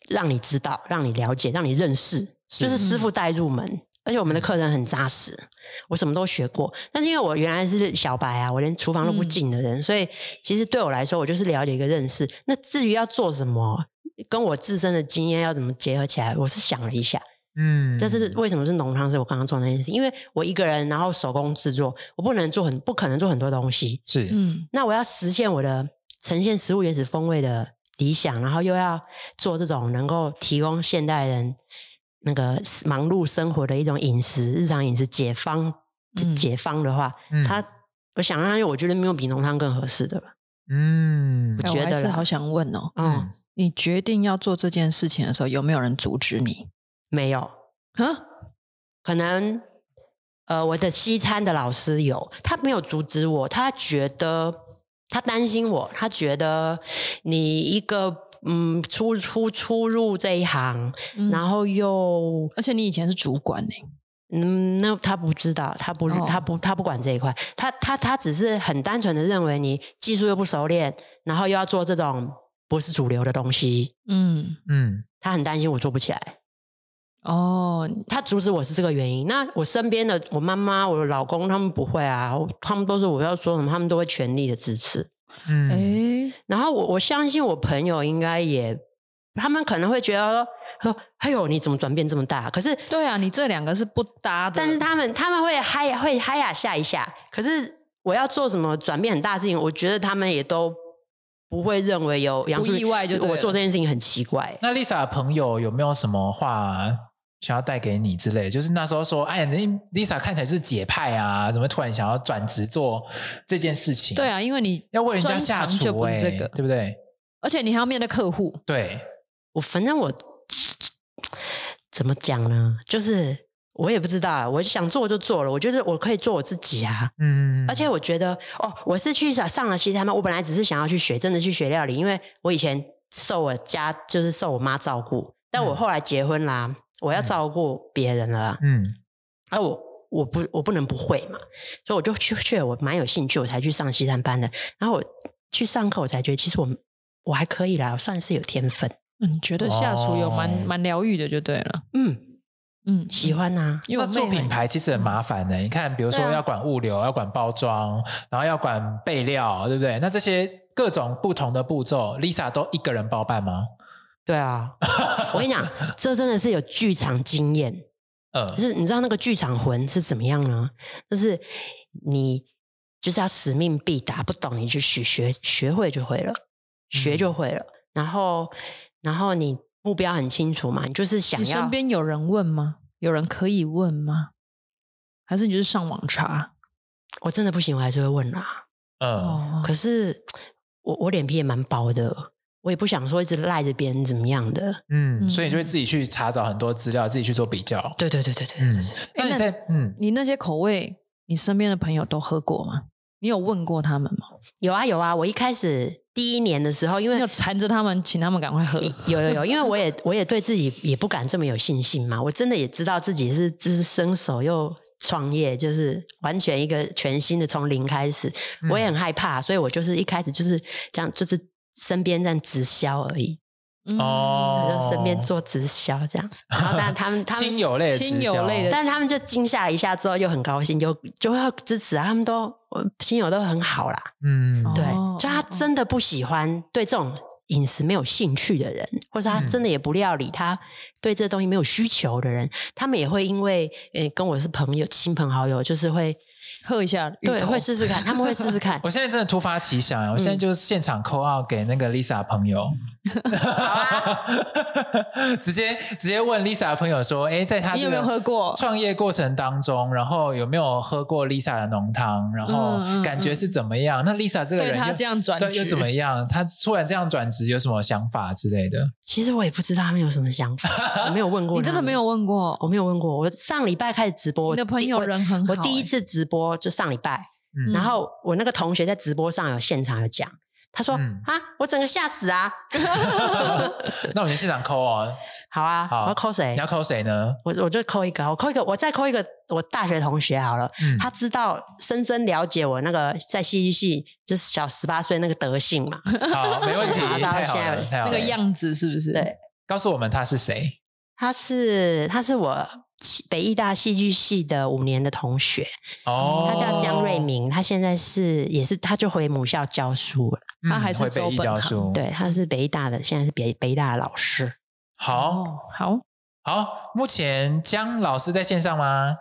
讓你知道，讓你了解，讓你認識，就是師傅帶入門。而且我們的課程很扎實、嗯，我什麼都學過。但是因為我原來是小白啊，我連廚房都不進的人、嗯，所以其實對我來說，我就是了解一個認識。那至於要做什麼，跟我自身的經驗要怎麼結合起來，我是想了一下。嗯，這是為什麼是濃湯？是我剛剛做的那件事，因為我一個人，然後手工製作，我不能做很不可能做很多東西。是，嗯，那我要實現我的呈現食物原始風味的理想，然後又要做這種能夠提供現代人。那個忙碌生活的一種飲食，日常飲食解方。嗯，解方的話，嗯、他我想讓他，因為我覺得沒有比濃湯更合適的。嗯，我，覺得我還是好想問哦嗯，嗯，你決定要做這件事情的時候，有沒有人阻止你？沒有啊？可能呃，我的西餐的老師有，他沒有阻止我，他覺得他擔心我，他覺得你一個。嗯，出出出入這一行、嗯，然後又……而且你以前是主管呢、欸。嗯，那他不知道，他不，oh. 他不，他不管這一塊。他他他只是很單純的認為你技術又不熟練，然後又要做這種不是主流的東西。嗯嗯，他很擔心我做不起來。哦、oh.，他阻止我是這個原因。那我身邊的我媽媽、我老公他們不會啊，他們都是我要說什麼，他們都會全力的支持。嗯、欸，然後我我相信我朋友應該也，他們可能會覺得說，說哎呦，你怎麼轉變這麼大？可是，對啊，你這兩個是不搭的。但是他們他們會嗨會嗨呀，啊、嚇一下，可是我要做什麼轉變很大的事情，我覺得他們也都不會認為有不意外就，就我做這件事情很奇怪。那 Lisa 的朋友有沒有什麼話、啊？想要帶給你之類，就是那時候說，哎，Lisa 看起來是解派啊，怎麼突然想要轉職做這件事情？對啊，因為你要為人家下廚哎，對不對？而且你還要面對客戶。對，我反正我怎麼講呢？就是我也不知道，我想做就做了，我覺得我可以做我自己啊。嗯，而且我覺得，哦，我是去上了西餐班，我本來只是想要去學，真的去學料理，因為我以前受我家就是受我媽照顧，但我後來結婚啦。嗯我要照顧別人了，嗯、啊，哎，我我不我不能不會嘛，所以我就去去，我蠻有興趣，我才去上西餐班的。然後我去上課，我才覺得其實我我還可以啦，我算是有天分。嗯，覺得下廚有蠻蠻療癒的，就對了。嗯嗯，喜歡啊。因為妹妹做品牌其實很麻煩的，欸，你看，比如說要管物流，啊，要管包裝，然後要管備料，對不對？那這些各種不同的步驟，Lisa 都一個人包辦嗎？對啊， 我跟你講，這真的是有劇場經驗。嗯，就是你知道那個劇場魂是怎麼樣呢？就是你就是要使命必達，不懂你就學學，學會就會了，學就會了，嗯。然後，然後你目標很清楚嘛，你就是想要。你身邊有人問嗎？有人可以問嗎？還是你就是上網查？我真的不行，我還是會問啦，啊。嗯，可是我我臉皮也蠻薄的。我也不想說一直賴着別人怎麼樣的，嗯，所以你就會自己去查找很多資料，自己去做比較、嗯。對對對對對、嗯欸，嗯。那你嗯，你那些口味，你身邊的朋友都喝過嗎？你有問過他們嗎？有啊有啊，我一開始第一年的時候，因為要纏着他們，請他們趕快喝、欸。有有有，因為我也我也對自己也不敢這麼有信心嘛， 我真的也知道自己是就是生手又創業，就是完全一個全新的從零開始，嗯、我也很害怕，所以我就是一開始就是這樣，就是。身邊在直銷而已，哦、嗯嗯，就身邊做直銷這樣、哦，然後但他們，親友類，親 友類的，但他們就驚嚇一下之後，又很高興，就就會支持、啊、他們都親友都很好啦，嗯，對、哦，就他真的不喜歡對這種飲食沒有興趣的人，或者他真的也不料理、嗯，他對這東西沒有需求的人，他們也會因為、欸、跟我是朋友，親朋好友，就是會。喝一下，對，會試試看，他們會試試看。 我現在真的突發奇想啊，我現在就現場 call out 給那個 Lisa 朋友。嗯 好啊、 直接直接問 Lisa 的朋友說：“哎、欸，在他有沒有喝過創業過程當中，然後有沒有喝過 Lisa 的濃湯，然後感覺是怎麼樣？那 Lisa 這個人，他這樣轉職又怎麼樣？他突然這樣轉職有什麼想法之類的？其實我也不知道他們有什麼想法， 我沒有問過，你真的沒有問過？我沒有問過。我上禮拜開始直播，你的朋友人很好、欸我，我第一次直播就上禮拜、嗯，然後我那個同學在直播上有現場有講。”他說、嗯：“啊，我整個嚇死啊！ 那我們現場 call 哦，啊，好啊，好，我要 call 誰？你要 call 誰呢？我我就 call 一個，我 call 一個，我再 call 一個，我大學同學好了、嗯，他知道，深深了解我那個在戲劇系就是小十八歲那個德性嘛，好，沒問題， 太好了， 太好了那個樣子是不是？對，告訴我們他是誰？他是他是我。”北藝大戲劇系的五年的同學，哦、嗯，他叫江瑞明，他現在是也是，他就回母校教書了，嗯、他還是回北藝教書，對，他是北藝大的，現在是北北大的老師。好、哦、好好，目前江老師在線上嗎？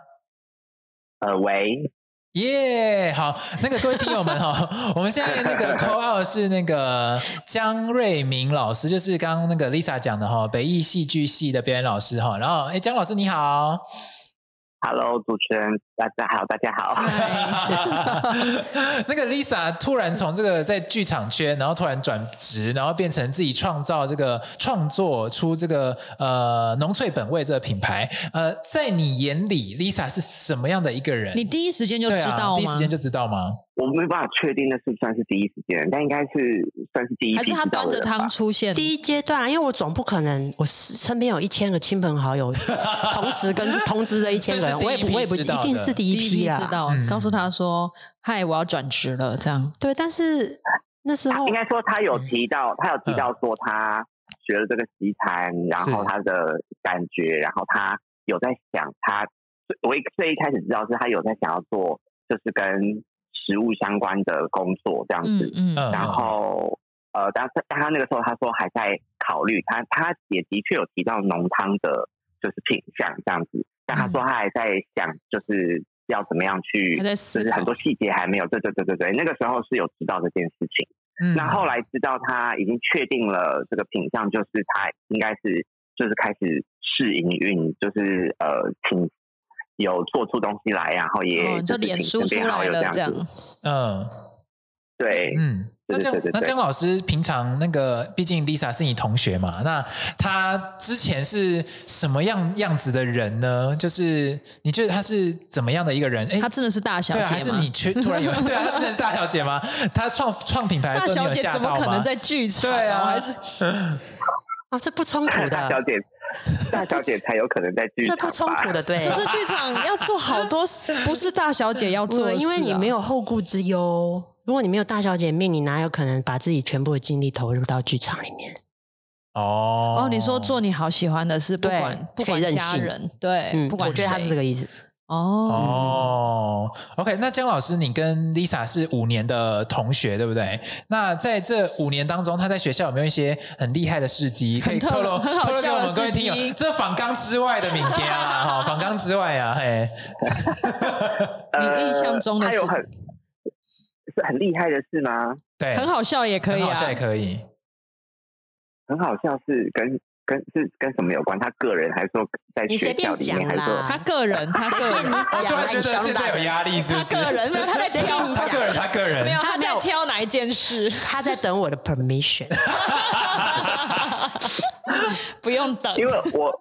呃，喂。耶、yeah，好，那個各位聽友們哈， 我們現在那個 call out 是那個江瑞明老師，就是剛剛那個 Lisa 講的哈，北藝戲劇系的表演老師哈，然後誒、欸、江老師你好。Hello，主持人，大家好，大家好。 那個 Lisa 突然從這個在劇場圈，然後突然轉職，然後變成自己創造這個創作出這個呃濃粹本味這個品牌。呃，在你眼裡，Lisa 是什麼樣的一個人？你第一時間就知道嗎？對啊，第一時間就知道嗎？我沒辦法確定，那是不是算是第一時間，但應該是算是第一。還是他端着湯出現？第一階段，因為我總不可能，我身邊有一千個親朋好友， 同時跟同時這一千個人，我也不我也不，也不一定是第一批啊。批知道，嗯、告訴他說：“嗨，我要轉職了。”這樣對，但是那時候應該說他有提到、嗯，他有提到說他學了這個西餐，嗯、然後他的感覺，然後他有在想，他我一最一開始知道是他有在想要做，就是跟。食物相關的工作這樣子，然後呃，當他當他那個時候，他說還在考慮，他他也的確有提到濃湯的，就是品項這樣子，但他說他還在想，就是要怎麼樣去，就是很多細節還沒有。對對對對對，那個時候是有知道這件事情，那後來知道他已經確定了這個品項，就是他應該是就是開始試營運，就是呃，請。有做出東西來，然後也、哦、就臉書出來了這樣，嗯，對，嗯，那這樣，那姜老師平常那個，畢竟 Lisa 是你同學嘛，那她之前是什麼樣樣子的人呢？就是你覺得她是怎麼樣的一個人？哎，她真的是大小姐嗎？還是你卻突然以為？對，她真的是大小姐嗎？啊、還是你她創創品牌的時候大小姐你有嚇到嗎？怎麼可能在劇場？對啊，還是啊，這不衝突的大 小姐。 大小姐才有可能在劇場這，這不衝突的，對。 可是劇場要做好多事，不是大小姐要做事啊 嗯，因為你沒有後顧之憂。如果你沒有大小姐命，你哪有可能把自己全部的精力投入到劇場裡面？哦，哦你說做你好喜歡的事，不管不管任性家人，對，嗯不管，我覺得他是這個意思。哦 OK 那江老師，你跟 Lisa 是五年的同學，對不對？那在這五年當中，他在學校有沒有一些很厲害的事蹟可以透露？很好笑、透露，我們各位聽友，這是訪綱之外的名言啦，哈、 哦，訪綱之外啊，嘿。 你印象中的事、呃、有很是很厲害的事嗎？對，很好笑也可以、啊、很好笑也可以，很好笑是跟。跟是跟什麼有關？他個人還是說在學校裡面？還是說他個人？他個人，他就會覺得在有壓力，是？他個人沒有他在挑，他個人他個人沒有他在挑哪一件事？ 他在等我的 permission， 不用等，因為我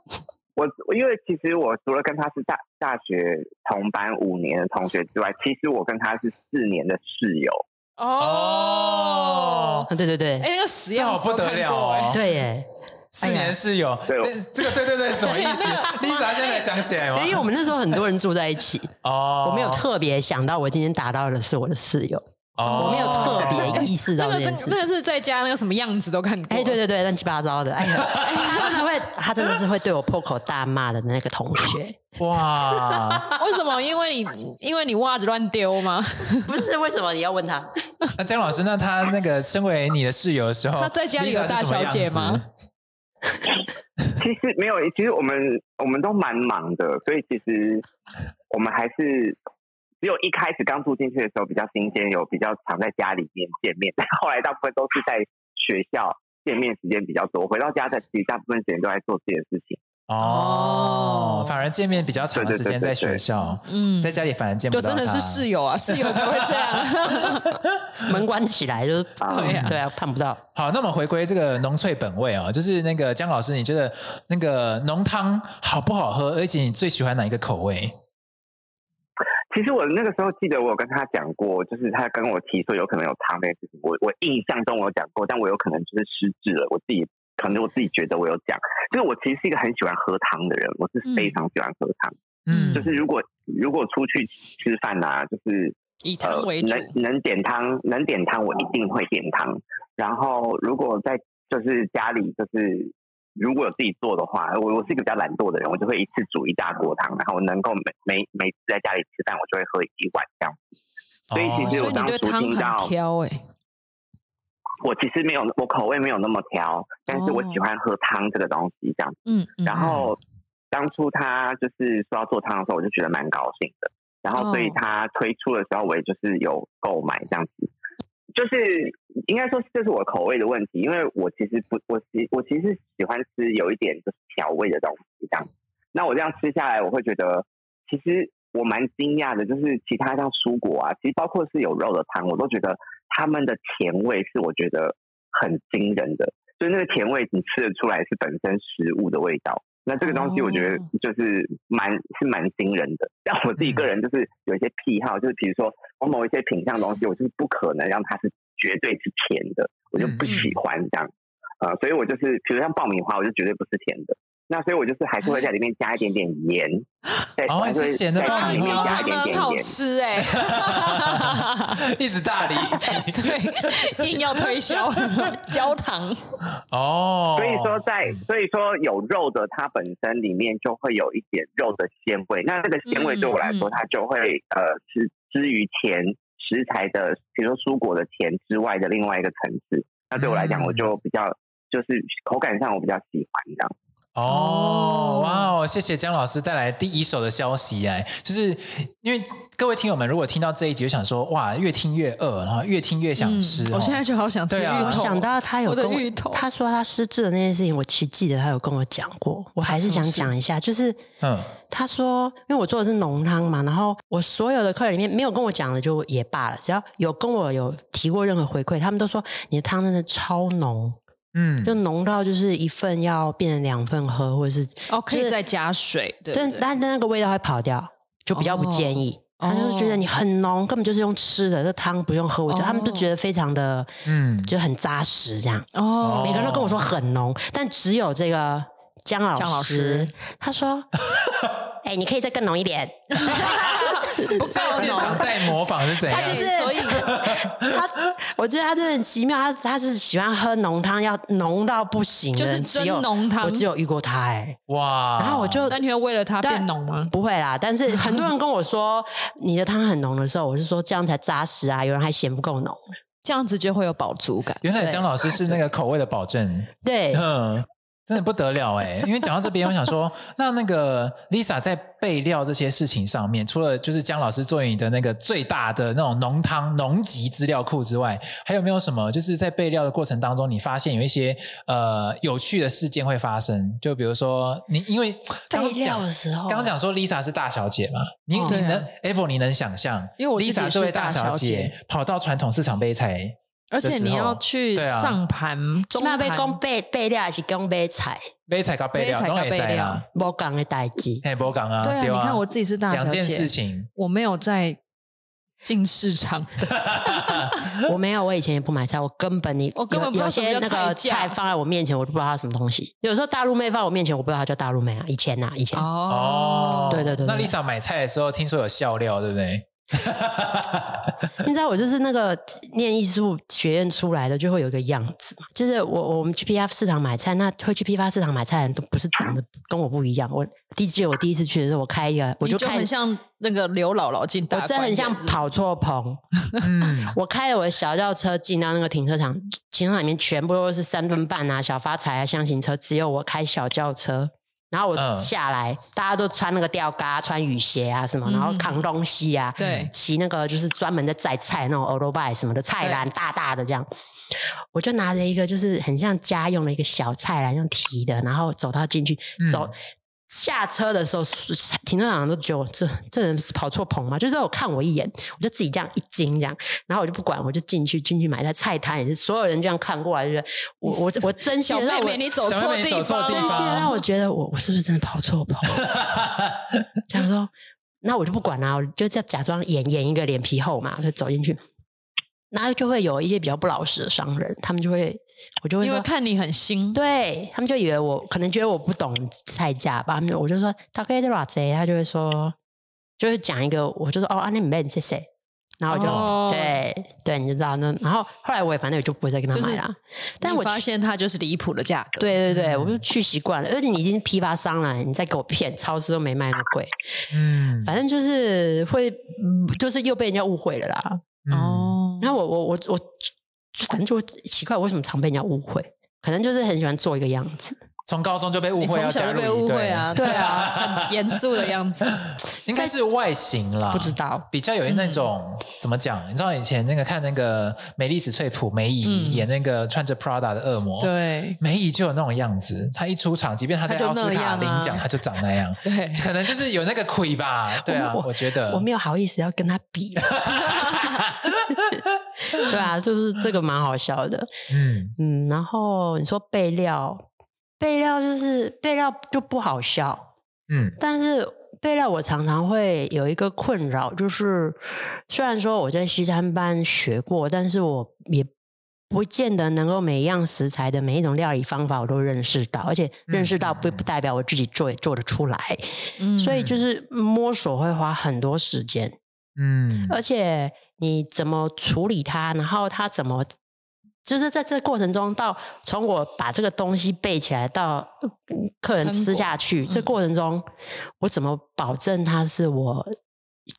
我因為其實我除了跟他是大大學同班五年的同學之外，其實我跟他是四年的室友哦，對對對，哎、欸，那個死要不得了哦、欸，對耶、欸。四年的室友、哎，對這個對對對什麼意思？Lisa、哎那個、現在想起來嗎、哎？因為我們那時候很多人住在一起哦、哎，我沒有特別想到我今天打到的是我的室友哦、哎，我沒有特別意識到、哎、那個那個是在家那個什麼樣子都看過哎，對對對，亂七八糟的。哎呀，哎他，哎呀他會他真的是會對我破口大罵的那個同學哇？為什麼？因為你因為你襪子亂丟嗎？不是，為什麼你要問他？那江老師，那他那個身為你的室友的時候，他在家裡有大小姐嗎？ 其實沒有，其實我們我們都蠻忙的，所以其實我們還是只有一開始剛住進去的時候比較新鮮，有比較常在家裡面見面，後、後來大部分都是在學校見面時間比較多。我回到家的其實大部分時間都在做這件事情。哦，哦，反而見面比較長的時間，在學校，在家裡反而見不到。就真的是室友啊， 室友才會這樣， 門關起來就是、嗯、對啊，對啊，看不到。好，那我們回歸這個濃粹本味啊、哦，就是那個江老師，你覺得那個濃湯好不好喝？而且你最喜歡哪一個口味？其實我那個時候記得，我有跟他講過，就是他跟我提說有可能有湯那個事情，我我印象中我有講過，但我有可能就是失智了，我自己。可能我自己覺得我有講，就是我其實是一個很喜歡喝湯的人、嗯，我是非常喜歡喝湯。嗯，就是如果如果出去吃飯呢、啊，就是以湯為主、呃、能能點湯能點湯，點湯我一定會點湯、哦。然後如果在就是家裡，就是如果有自己做的話，我我是一個比較懶惰的人，我就會一次煮一大鍋湯，然後能夠每每每次在家裡吃飯，我就會喝一碗這樣。哦、所以其實我當、哦，所以你對湯很挑欸我其實沒有，我口味沒有那麼挑，但是我喜歡喝湯這個東西，這樣子。哦，嗯。嗯，然後當初他就是說要做湯的時候，我就覺得蠻高興的。然後，所以他推出的時候，我也就是有購買這樣子。就是應該說，這是我口味的問題，因為我其實不，我其我其實喜歡吃有一點就是調味的東西，這樣子。那我這樣吃下來，我會覺得其實我蠻驚訝的，就是其他像蔬果啊，其實包括是有肉的湯，我都覺得。他們的甜味是我覺得很驚人的，所以那個甜味你吃得出來是本身食物的味道。那這個東西我覺得就是蠻是蠻驚人的。但我自己個人就是有一些癖好，就是比如說我某一些品相東西，我就是不可能讓它是絕對是甜的，我就不喜歡這樣。呃，所以我就是，比如像爆米花，我就絕對不是甜的。那所以，我就是還是會在裡面加一點點鹽，在、 哦、還是在湯裡面加一點點鹽，哦、點點好吃哎！ 一直大力， 對，硬要推銷 焦糖哦。所以說在，在所以說有肉的，它本身裡面就會有一點肉的鮮味。那這個鮮味對我來說，它就會、嗯、呃，是之於甜食材的，比如說蔬果的甜之外的另外一個層次。那對我來講，我就比較、嗯、就是口感上，我比較喜歡這樣。哦，哦，哇，哦，謝謝江老師帶來第一手的消息哎，就是因為各位聽友們如果聽到這一集，我想說哇，越聽越餓，然後越聽越想吃、嗯哦。我現在就好想吃芋頭。啊、我想到他有跟我我的芋頭他說他失智的那件事情，我其實記得他有跟我講過，我還是想講一下，就是嗯，他說，因為我做的是濃湯嘛，然後我所有的客人裡面沒有跟我講的，就也罷了；只要有跟我有提過任何回饋，他們都說你的湯真的超濃。嗯，就濃到就是一份要變成兩份喝，或者是可以、okay，就是、再加水，對，對，但但那個味道會跑掉，就比較不建議。Oh. 他就是覺得你很濃，根本就是用吃的，這個、湯不用喝。我覺得他們都覺得非常的，嗯、oh.，就很扎實這樣。哦、oh.，每個人都跟我說很濃，但只有這個姜老師，江老師他說，哎、 欸，你可以再更濃一點。 不靠市常帶模仿是怎樣？ 他就是，所以 他，我覺得他真的很奇妙。他他是喜歡喝濃湯，要濃到不行，就是真濃湯。我只有遇過他、欸，哎，哇！然後我就，那你會為了他變濃嗎？不會啦。但是很多人跟我說 你的湯很濃的時候，我是說這樣才扎實啊。有人還嫌不夠濃，這樣子就會有飽足感。原來江老師是那個口味的保證，對，嗯。 真的不得了哎、欸！因為講到這邊， 我想說，那那個 Lisa 在備料這些事情上面，除了就是薑老師作為你的那個最大的那種濃湯濃級資料庫之外，還有沒有什麼？就是在備料的過程當中，你發現有一些呃有趣的事件會發生。就比如說，你因為剛,剛講料的時候，剛,剛講說 Lisa 是大小姐嘛，你、哦、你能 Apple、啊、你能想象？因為 Lisa 這大小姐, Lisa, 大小姐跑到傳統市場備菜。而且你要去上盤、啊，那被公備備料還是公備菜？備菜跟備料，料，備菜備料，無仝的代誌，嘿、啊，無仝啊。對啊，你看我自己是大小姐，兩件事情，我沒有在進市場， 我沒有，我以前也不買菜，我根本你，我根本不有，有些那個菜放在我面前，我都不知道它什麼東西。有時候大陸妹放我面前，我不知道她叫大陸妹啊，以前吶、啊，以前哦，哦，對對對，對。那 Lisa 買菜的時候，聽說有笑料，對不對？ 你知道我就是那個念藝術學院出來的，就會有個樣子嘛。就是我我們去批發市場買菜，那會去批發市場買菜人都不是長得跟我不一樣。我第一屆我第一次去的時候，我開一個就我就開，就很像那個劉姥姥進，我真很像跑錯棚。 我開了我的小轎車進到那個停車場，停車場裡面全部都是三噸半啊、小發財啊、箱型車，只有我開小轎車。然後我下來、呃，大家都穿那個吊嘎，穿雨鞋啊什麼，嗯、然後扛東西啊、嗯對，騎那個就是專門的摘菜，那種歐 l l 什麼的菜籃，大大的這樣，我就拿着一個就是很像家用的一個小菜籃，用提的，然後走到進去、嗯、走。下車的時候，停車場都覺得我這這人是跑錯棚嘛，就是我看我一眼，我就自己這樣一驚，這樣，然後我就不管，我就進去進去買菜。菜攤，也是所有人這樣看過來，就是我我我真想小妹妹你走錯地方，真的讓我覺得我我是不是真的跑錯棚？假如 說，那我就不管啦，啊，我就這樣假裝演演一個臉皮厚嘛，就走進去，然後就會有一些比較不老實的商人，他們就會。我就會因為看你很新，對，他們就以為我可能覺得我不懂菜價吧，我就我就說，他可以這老賊，他就會說，就會講一個，我就說哦，阿內米貝是誰？然後我就、哦、對對，你就知道那，然後後來我也反正我就不會再跟他買了、就是，但我發現他就是離譜的價格，對對對、嗯，我就去習慣了，而且你已經批發商了，你再給我騙，超市都沒賣那麼貴，嗯，反正就是會，就是又被人家誤會了啦，哦、嗯，然後我我我我。我我我就反正就奇怪，我為什麼常被人家誤會？可能就是很喜歡做一個樣子。從高中就被誤會，從小就被誤會啊！對啊，很嚴肅的樣子， 應該是外形啦，不知道。比較有那種、嗯、怎麼講？你知道以前那個看那個梅莉史翠普梅姨演那個穿着 Prada 的惡魔，對、嗯，梅姨就有那種樣子。她一出場，即便她在奧斯卡領獎，她就，就長那樣。 對，可能就是有那個虧吧？對啊，我，我，我覺得我沒有好意思要跟她比。 對啊，就是這個蠻好笑的。嗯，嗯，然後你說備料，備料就是備料就不好笑。嗯，但是備料我常常會有一個困擾，就是雖然說我在西餐班學過，但是我也不見得能夠每一樣食材的每一種料理方法我都認識到，而且認識到不、嗯、不代表我自己做也做得出來。嗯，所以就是摸索會花很多時間。嗯，而且。你怎麼處理它？然後它怎麼，就是在這個過程中，到從我把這個東西備起來到客人吃下去，這過程中、嗯、我怎麼保證它是我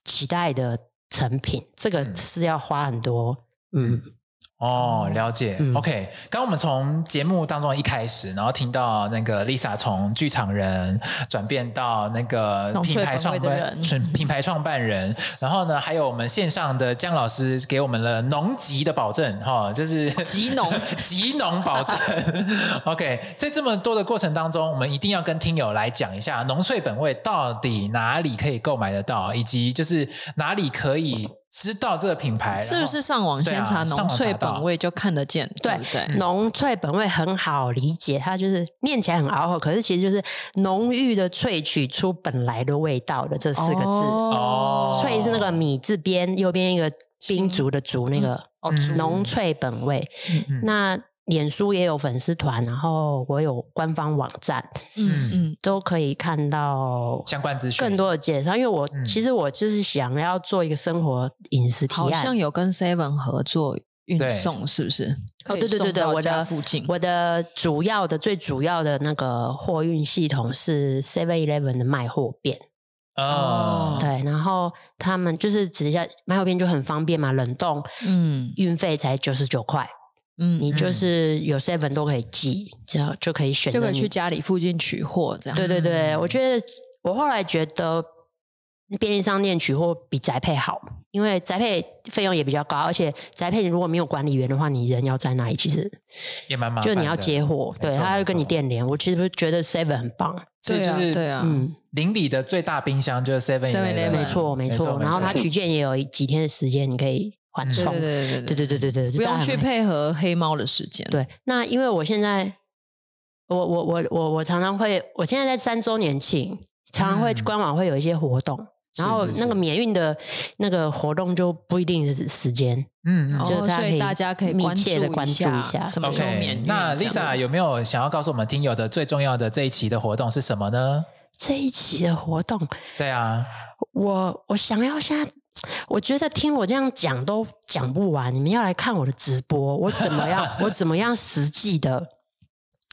期待的成品？這個是要花很多嗯。嗯哦，了解。嗯、OK，剛我們從節目當中一開始，然後聽到那個 Lisa 從劇場人轉變到那個品牌創辦人，品牌創辦人，然後呢，還有我們線上的江老師給我們了濃級的保證，哈，就是極濃極濃保證。 OK，在這麼多的過程當中，我們一定要跟聽友來講一下濃粹本味到底哪裡可以購買得到，以及就是哪裡可以。知道這個品牌是不是上網先查“濃粹本味”就看得見？對、啊，對，濃、嗯、粹本味很好理解，它就是念起來很拗口，可是其實就是濃郁的萃取出本來的味道的這四個字。哦，粹是那個米字邊，右邊一個兵卒的卒，那個濃粹本味。嗯、那臉書也有粉絲團，然後我有官方網站，嗯嗯，都可以看到相關資訊、更多的介紹。因為我、嗯、其實我就是想要做一個生活飲食提案，好像有跟 Seven 合作運送，是不是？對對對對，我的附近，我的主要的最主要的那個貨運系統是 Seven Eleven 的賣貨便哦、嗯，對，然後他們就是直接賣貨便就很方便嘛，冷凍，嗯，運費才九十九塊。嗯，你就是有 Seven 都可以寄，這、嗯、樣就，就可以選擇，就可以去家裡附近取貨，這樣。對對對、嗯，我覺得我後來覺得便利商店取貨比宅配好，因為宅配費用也比較高，而且宅配你如果沒有管理員的話，你人要在那裡，其實也蠻忙。就你要接貨，對，他要跟你電聯。我其實覺得 Seven 很棒，這就是對啊，對啊，嗯，鄰里的最大冰箱就是 Seven，對，沒錯、嗯、沒錯，然後他取件也有幾天的時間，你可以。緩衝，對對對對對對，不用去配合黑貓的時間。對，那因為我現在，我我我我我常常會，我現在在三周年慶，常常會官網會有一些活動，嗯、然後是是是那個免運的那個活動就不一定是時間，嗯，嗯就，然、哦、後所以大家可以密切的關注一下。什麼時候免運？OK，那 Lisa 麼有沒有想要告訴我們聽友的最重要的這一期的活動是什麼呢？這一期的活動，對啊，我我想要現在。我覺得聽我這樣講都講不完，你們要來看我的直播，我怎麼樣？ 我怎麼樣實際的？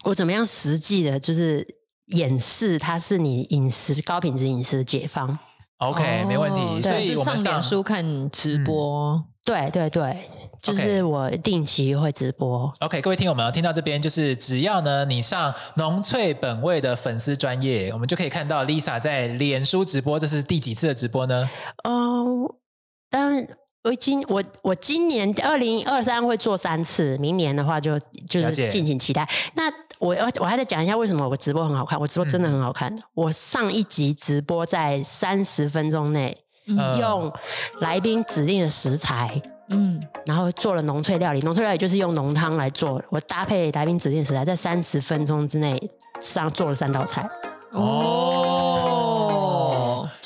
我怎麼樣實際的？就是演示它是你飲食高品質飲食的解放。OK，哦、沒問題。所以上，上臉書看直播。嗯、對對對。Okay. 就是我定期會直播。OK，各位聽友們聽到這邊，就是只要呢你上濃粹本味的粉絲專頁，我們就可以看到 Lisa 在臉書直播。這是第幾次的直播呢？嗯、哦，但我今我我今年二零二三會做三次，明年的話就就是敬請期待。那我我我還在講一下為什麼我直播很好看，我直播真的很好看。嗯、我上一集直播在三十分鐘內。嗯，用來賓指定的食材，嗯，然後做了濃粹料理。濃粹料理就是用濃湯來做，我搭配來賓指定食材，在三十分鐘之內上做了三道菜。哦。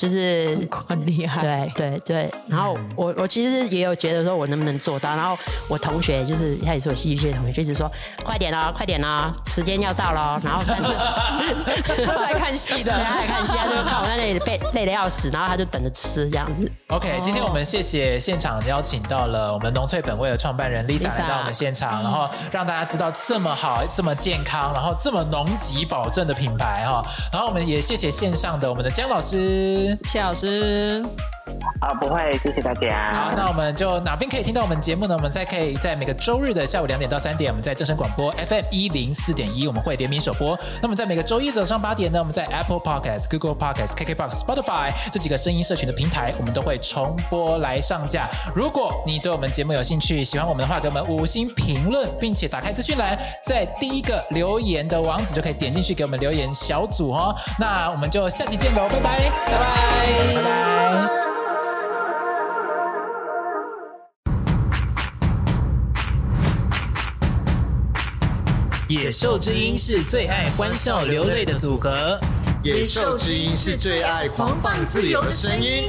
就是很，哦、厲害，對對對。然後我我其實也有覺得說我能不能做到。然後我同學就是他也是我戲劇系的同學，就一直說快點啦，快點啦，哦哦，時間要到了，哦。然後但是 他是來看戲的，他來看戲，就說看我 在那裡被累得要死。然後他就等着吃這樣子。OK、哦、今天我們謝謝現場邀請到了我們濃粹本味的創辦人 Lisa, Lisa 來到我們現場，然後讓大家知道這麼好、這麼健康、然後這麼濃級保證的品牌哈。然後我們也謝謝線上的我們的江老師。謝老師。好、哦，不會，謝謝大家。好，那我們就哪邊可以聽到我們節目呢？我們再可以在每個周日的下午兩點到三點，我們在正聲廣播 FM 一零四點一，我們會聯名首播。那麼在每個周一早上八點呢，我們在 Apple Podcasts、Google Podcasts、KKBOX、Spotify 這幾個聲音社群的平台，我們都會重播來上架。如果你對我們節目有興趣、喜歡我們的話，給我們五星評論，並且打開資訊欄，在第一個留言的網址就可以點進去給我們留言小組哦。那我們就下期見嘍，拜拜，拜拜，拜拜。野獸之音是最愛歡笑流淚的組合，野獸之音是最愛狂放自由的聲音，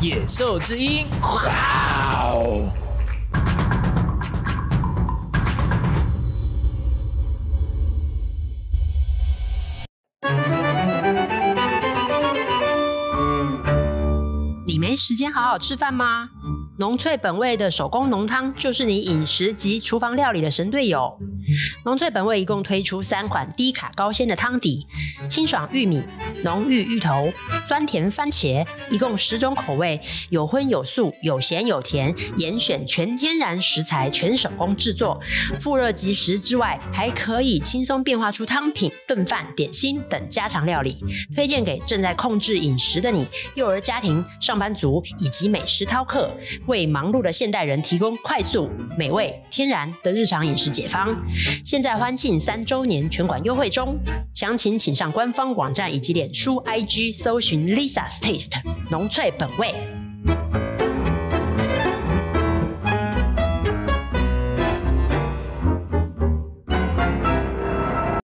野獸之音，哇、wow、哦、嗯！你沒時間好好吃飯嗎？濃、嗯、粹本味的手工濃湯就是你飲食及廚房料理的神隊友。嗯濃粹本味一共推出三款低卡高鮮的湯底，清爽玉米、濃郁芋頭、酸甜番茄，一共十種口味，有葷有素，有鹹有甜，嚴選全天然食材，全手工製作，復熱即食之外，還可以輕鬆變化出湯品、燉飯、點心等家常料理，推薦給正在控制飲食的你、幼兒家庭、上班族以及美食饕客，為忙碌的現代人提供快速、美味、天然的日常飲食解方。現在歡慶三週年，全館優惠中，詳情請上官方網站以及臉書 IG 搜尋 LISA's TASTE 濃粹本味。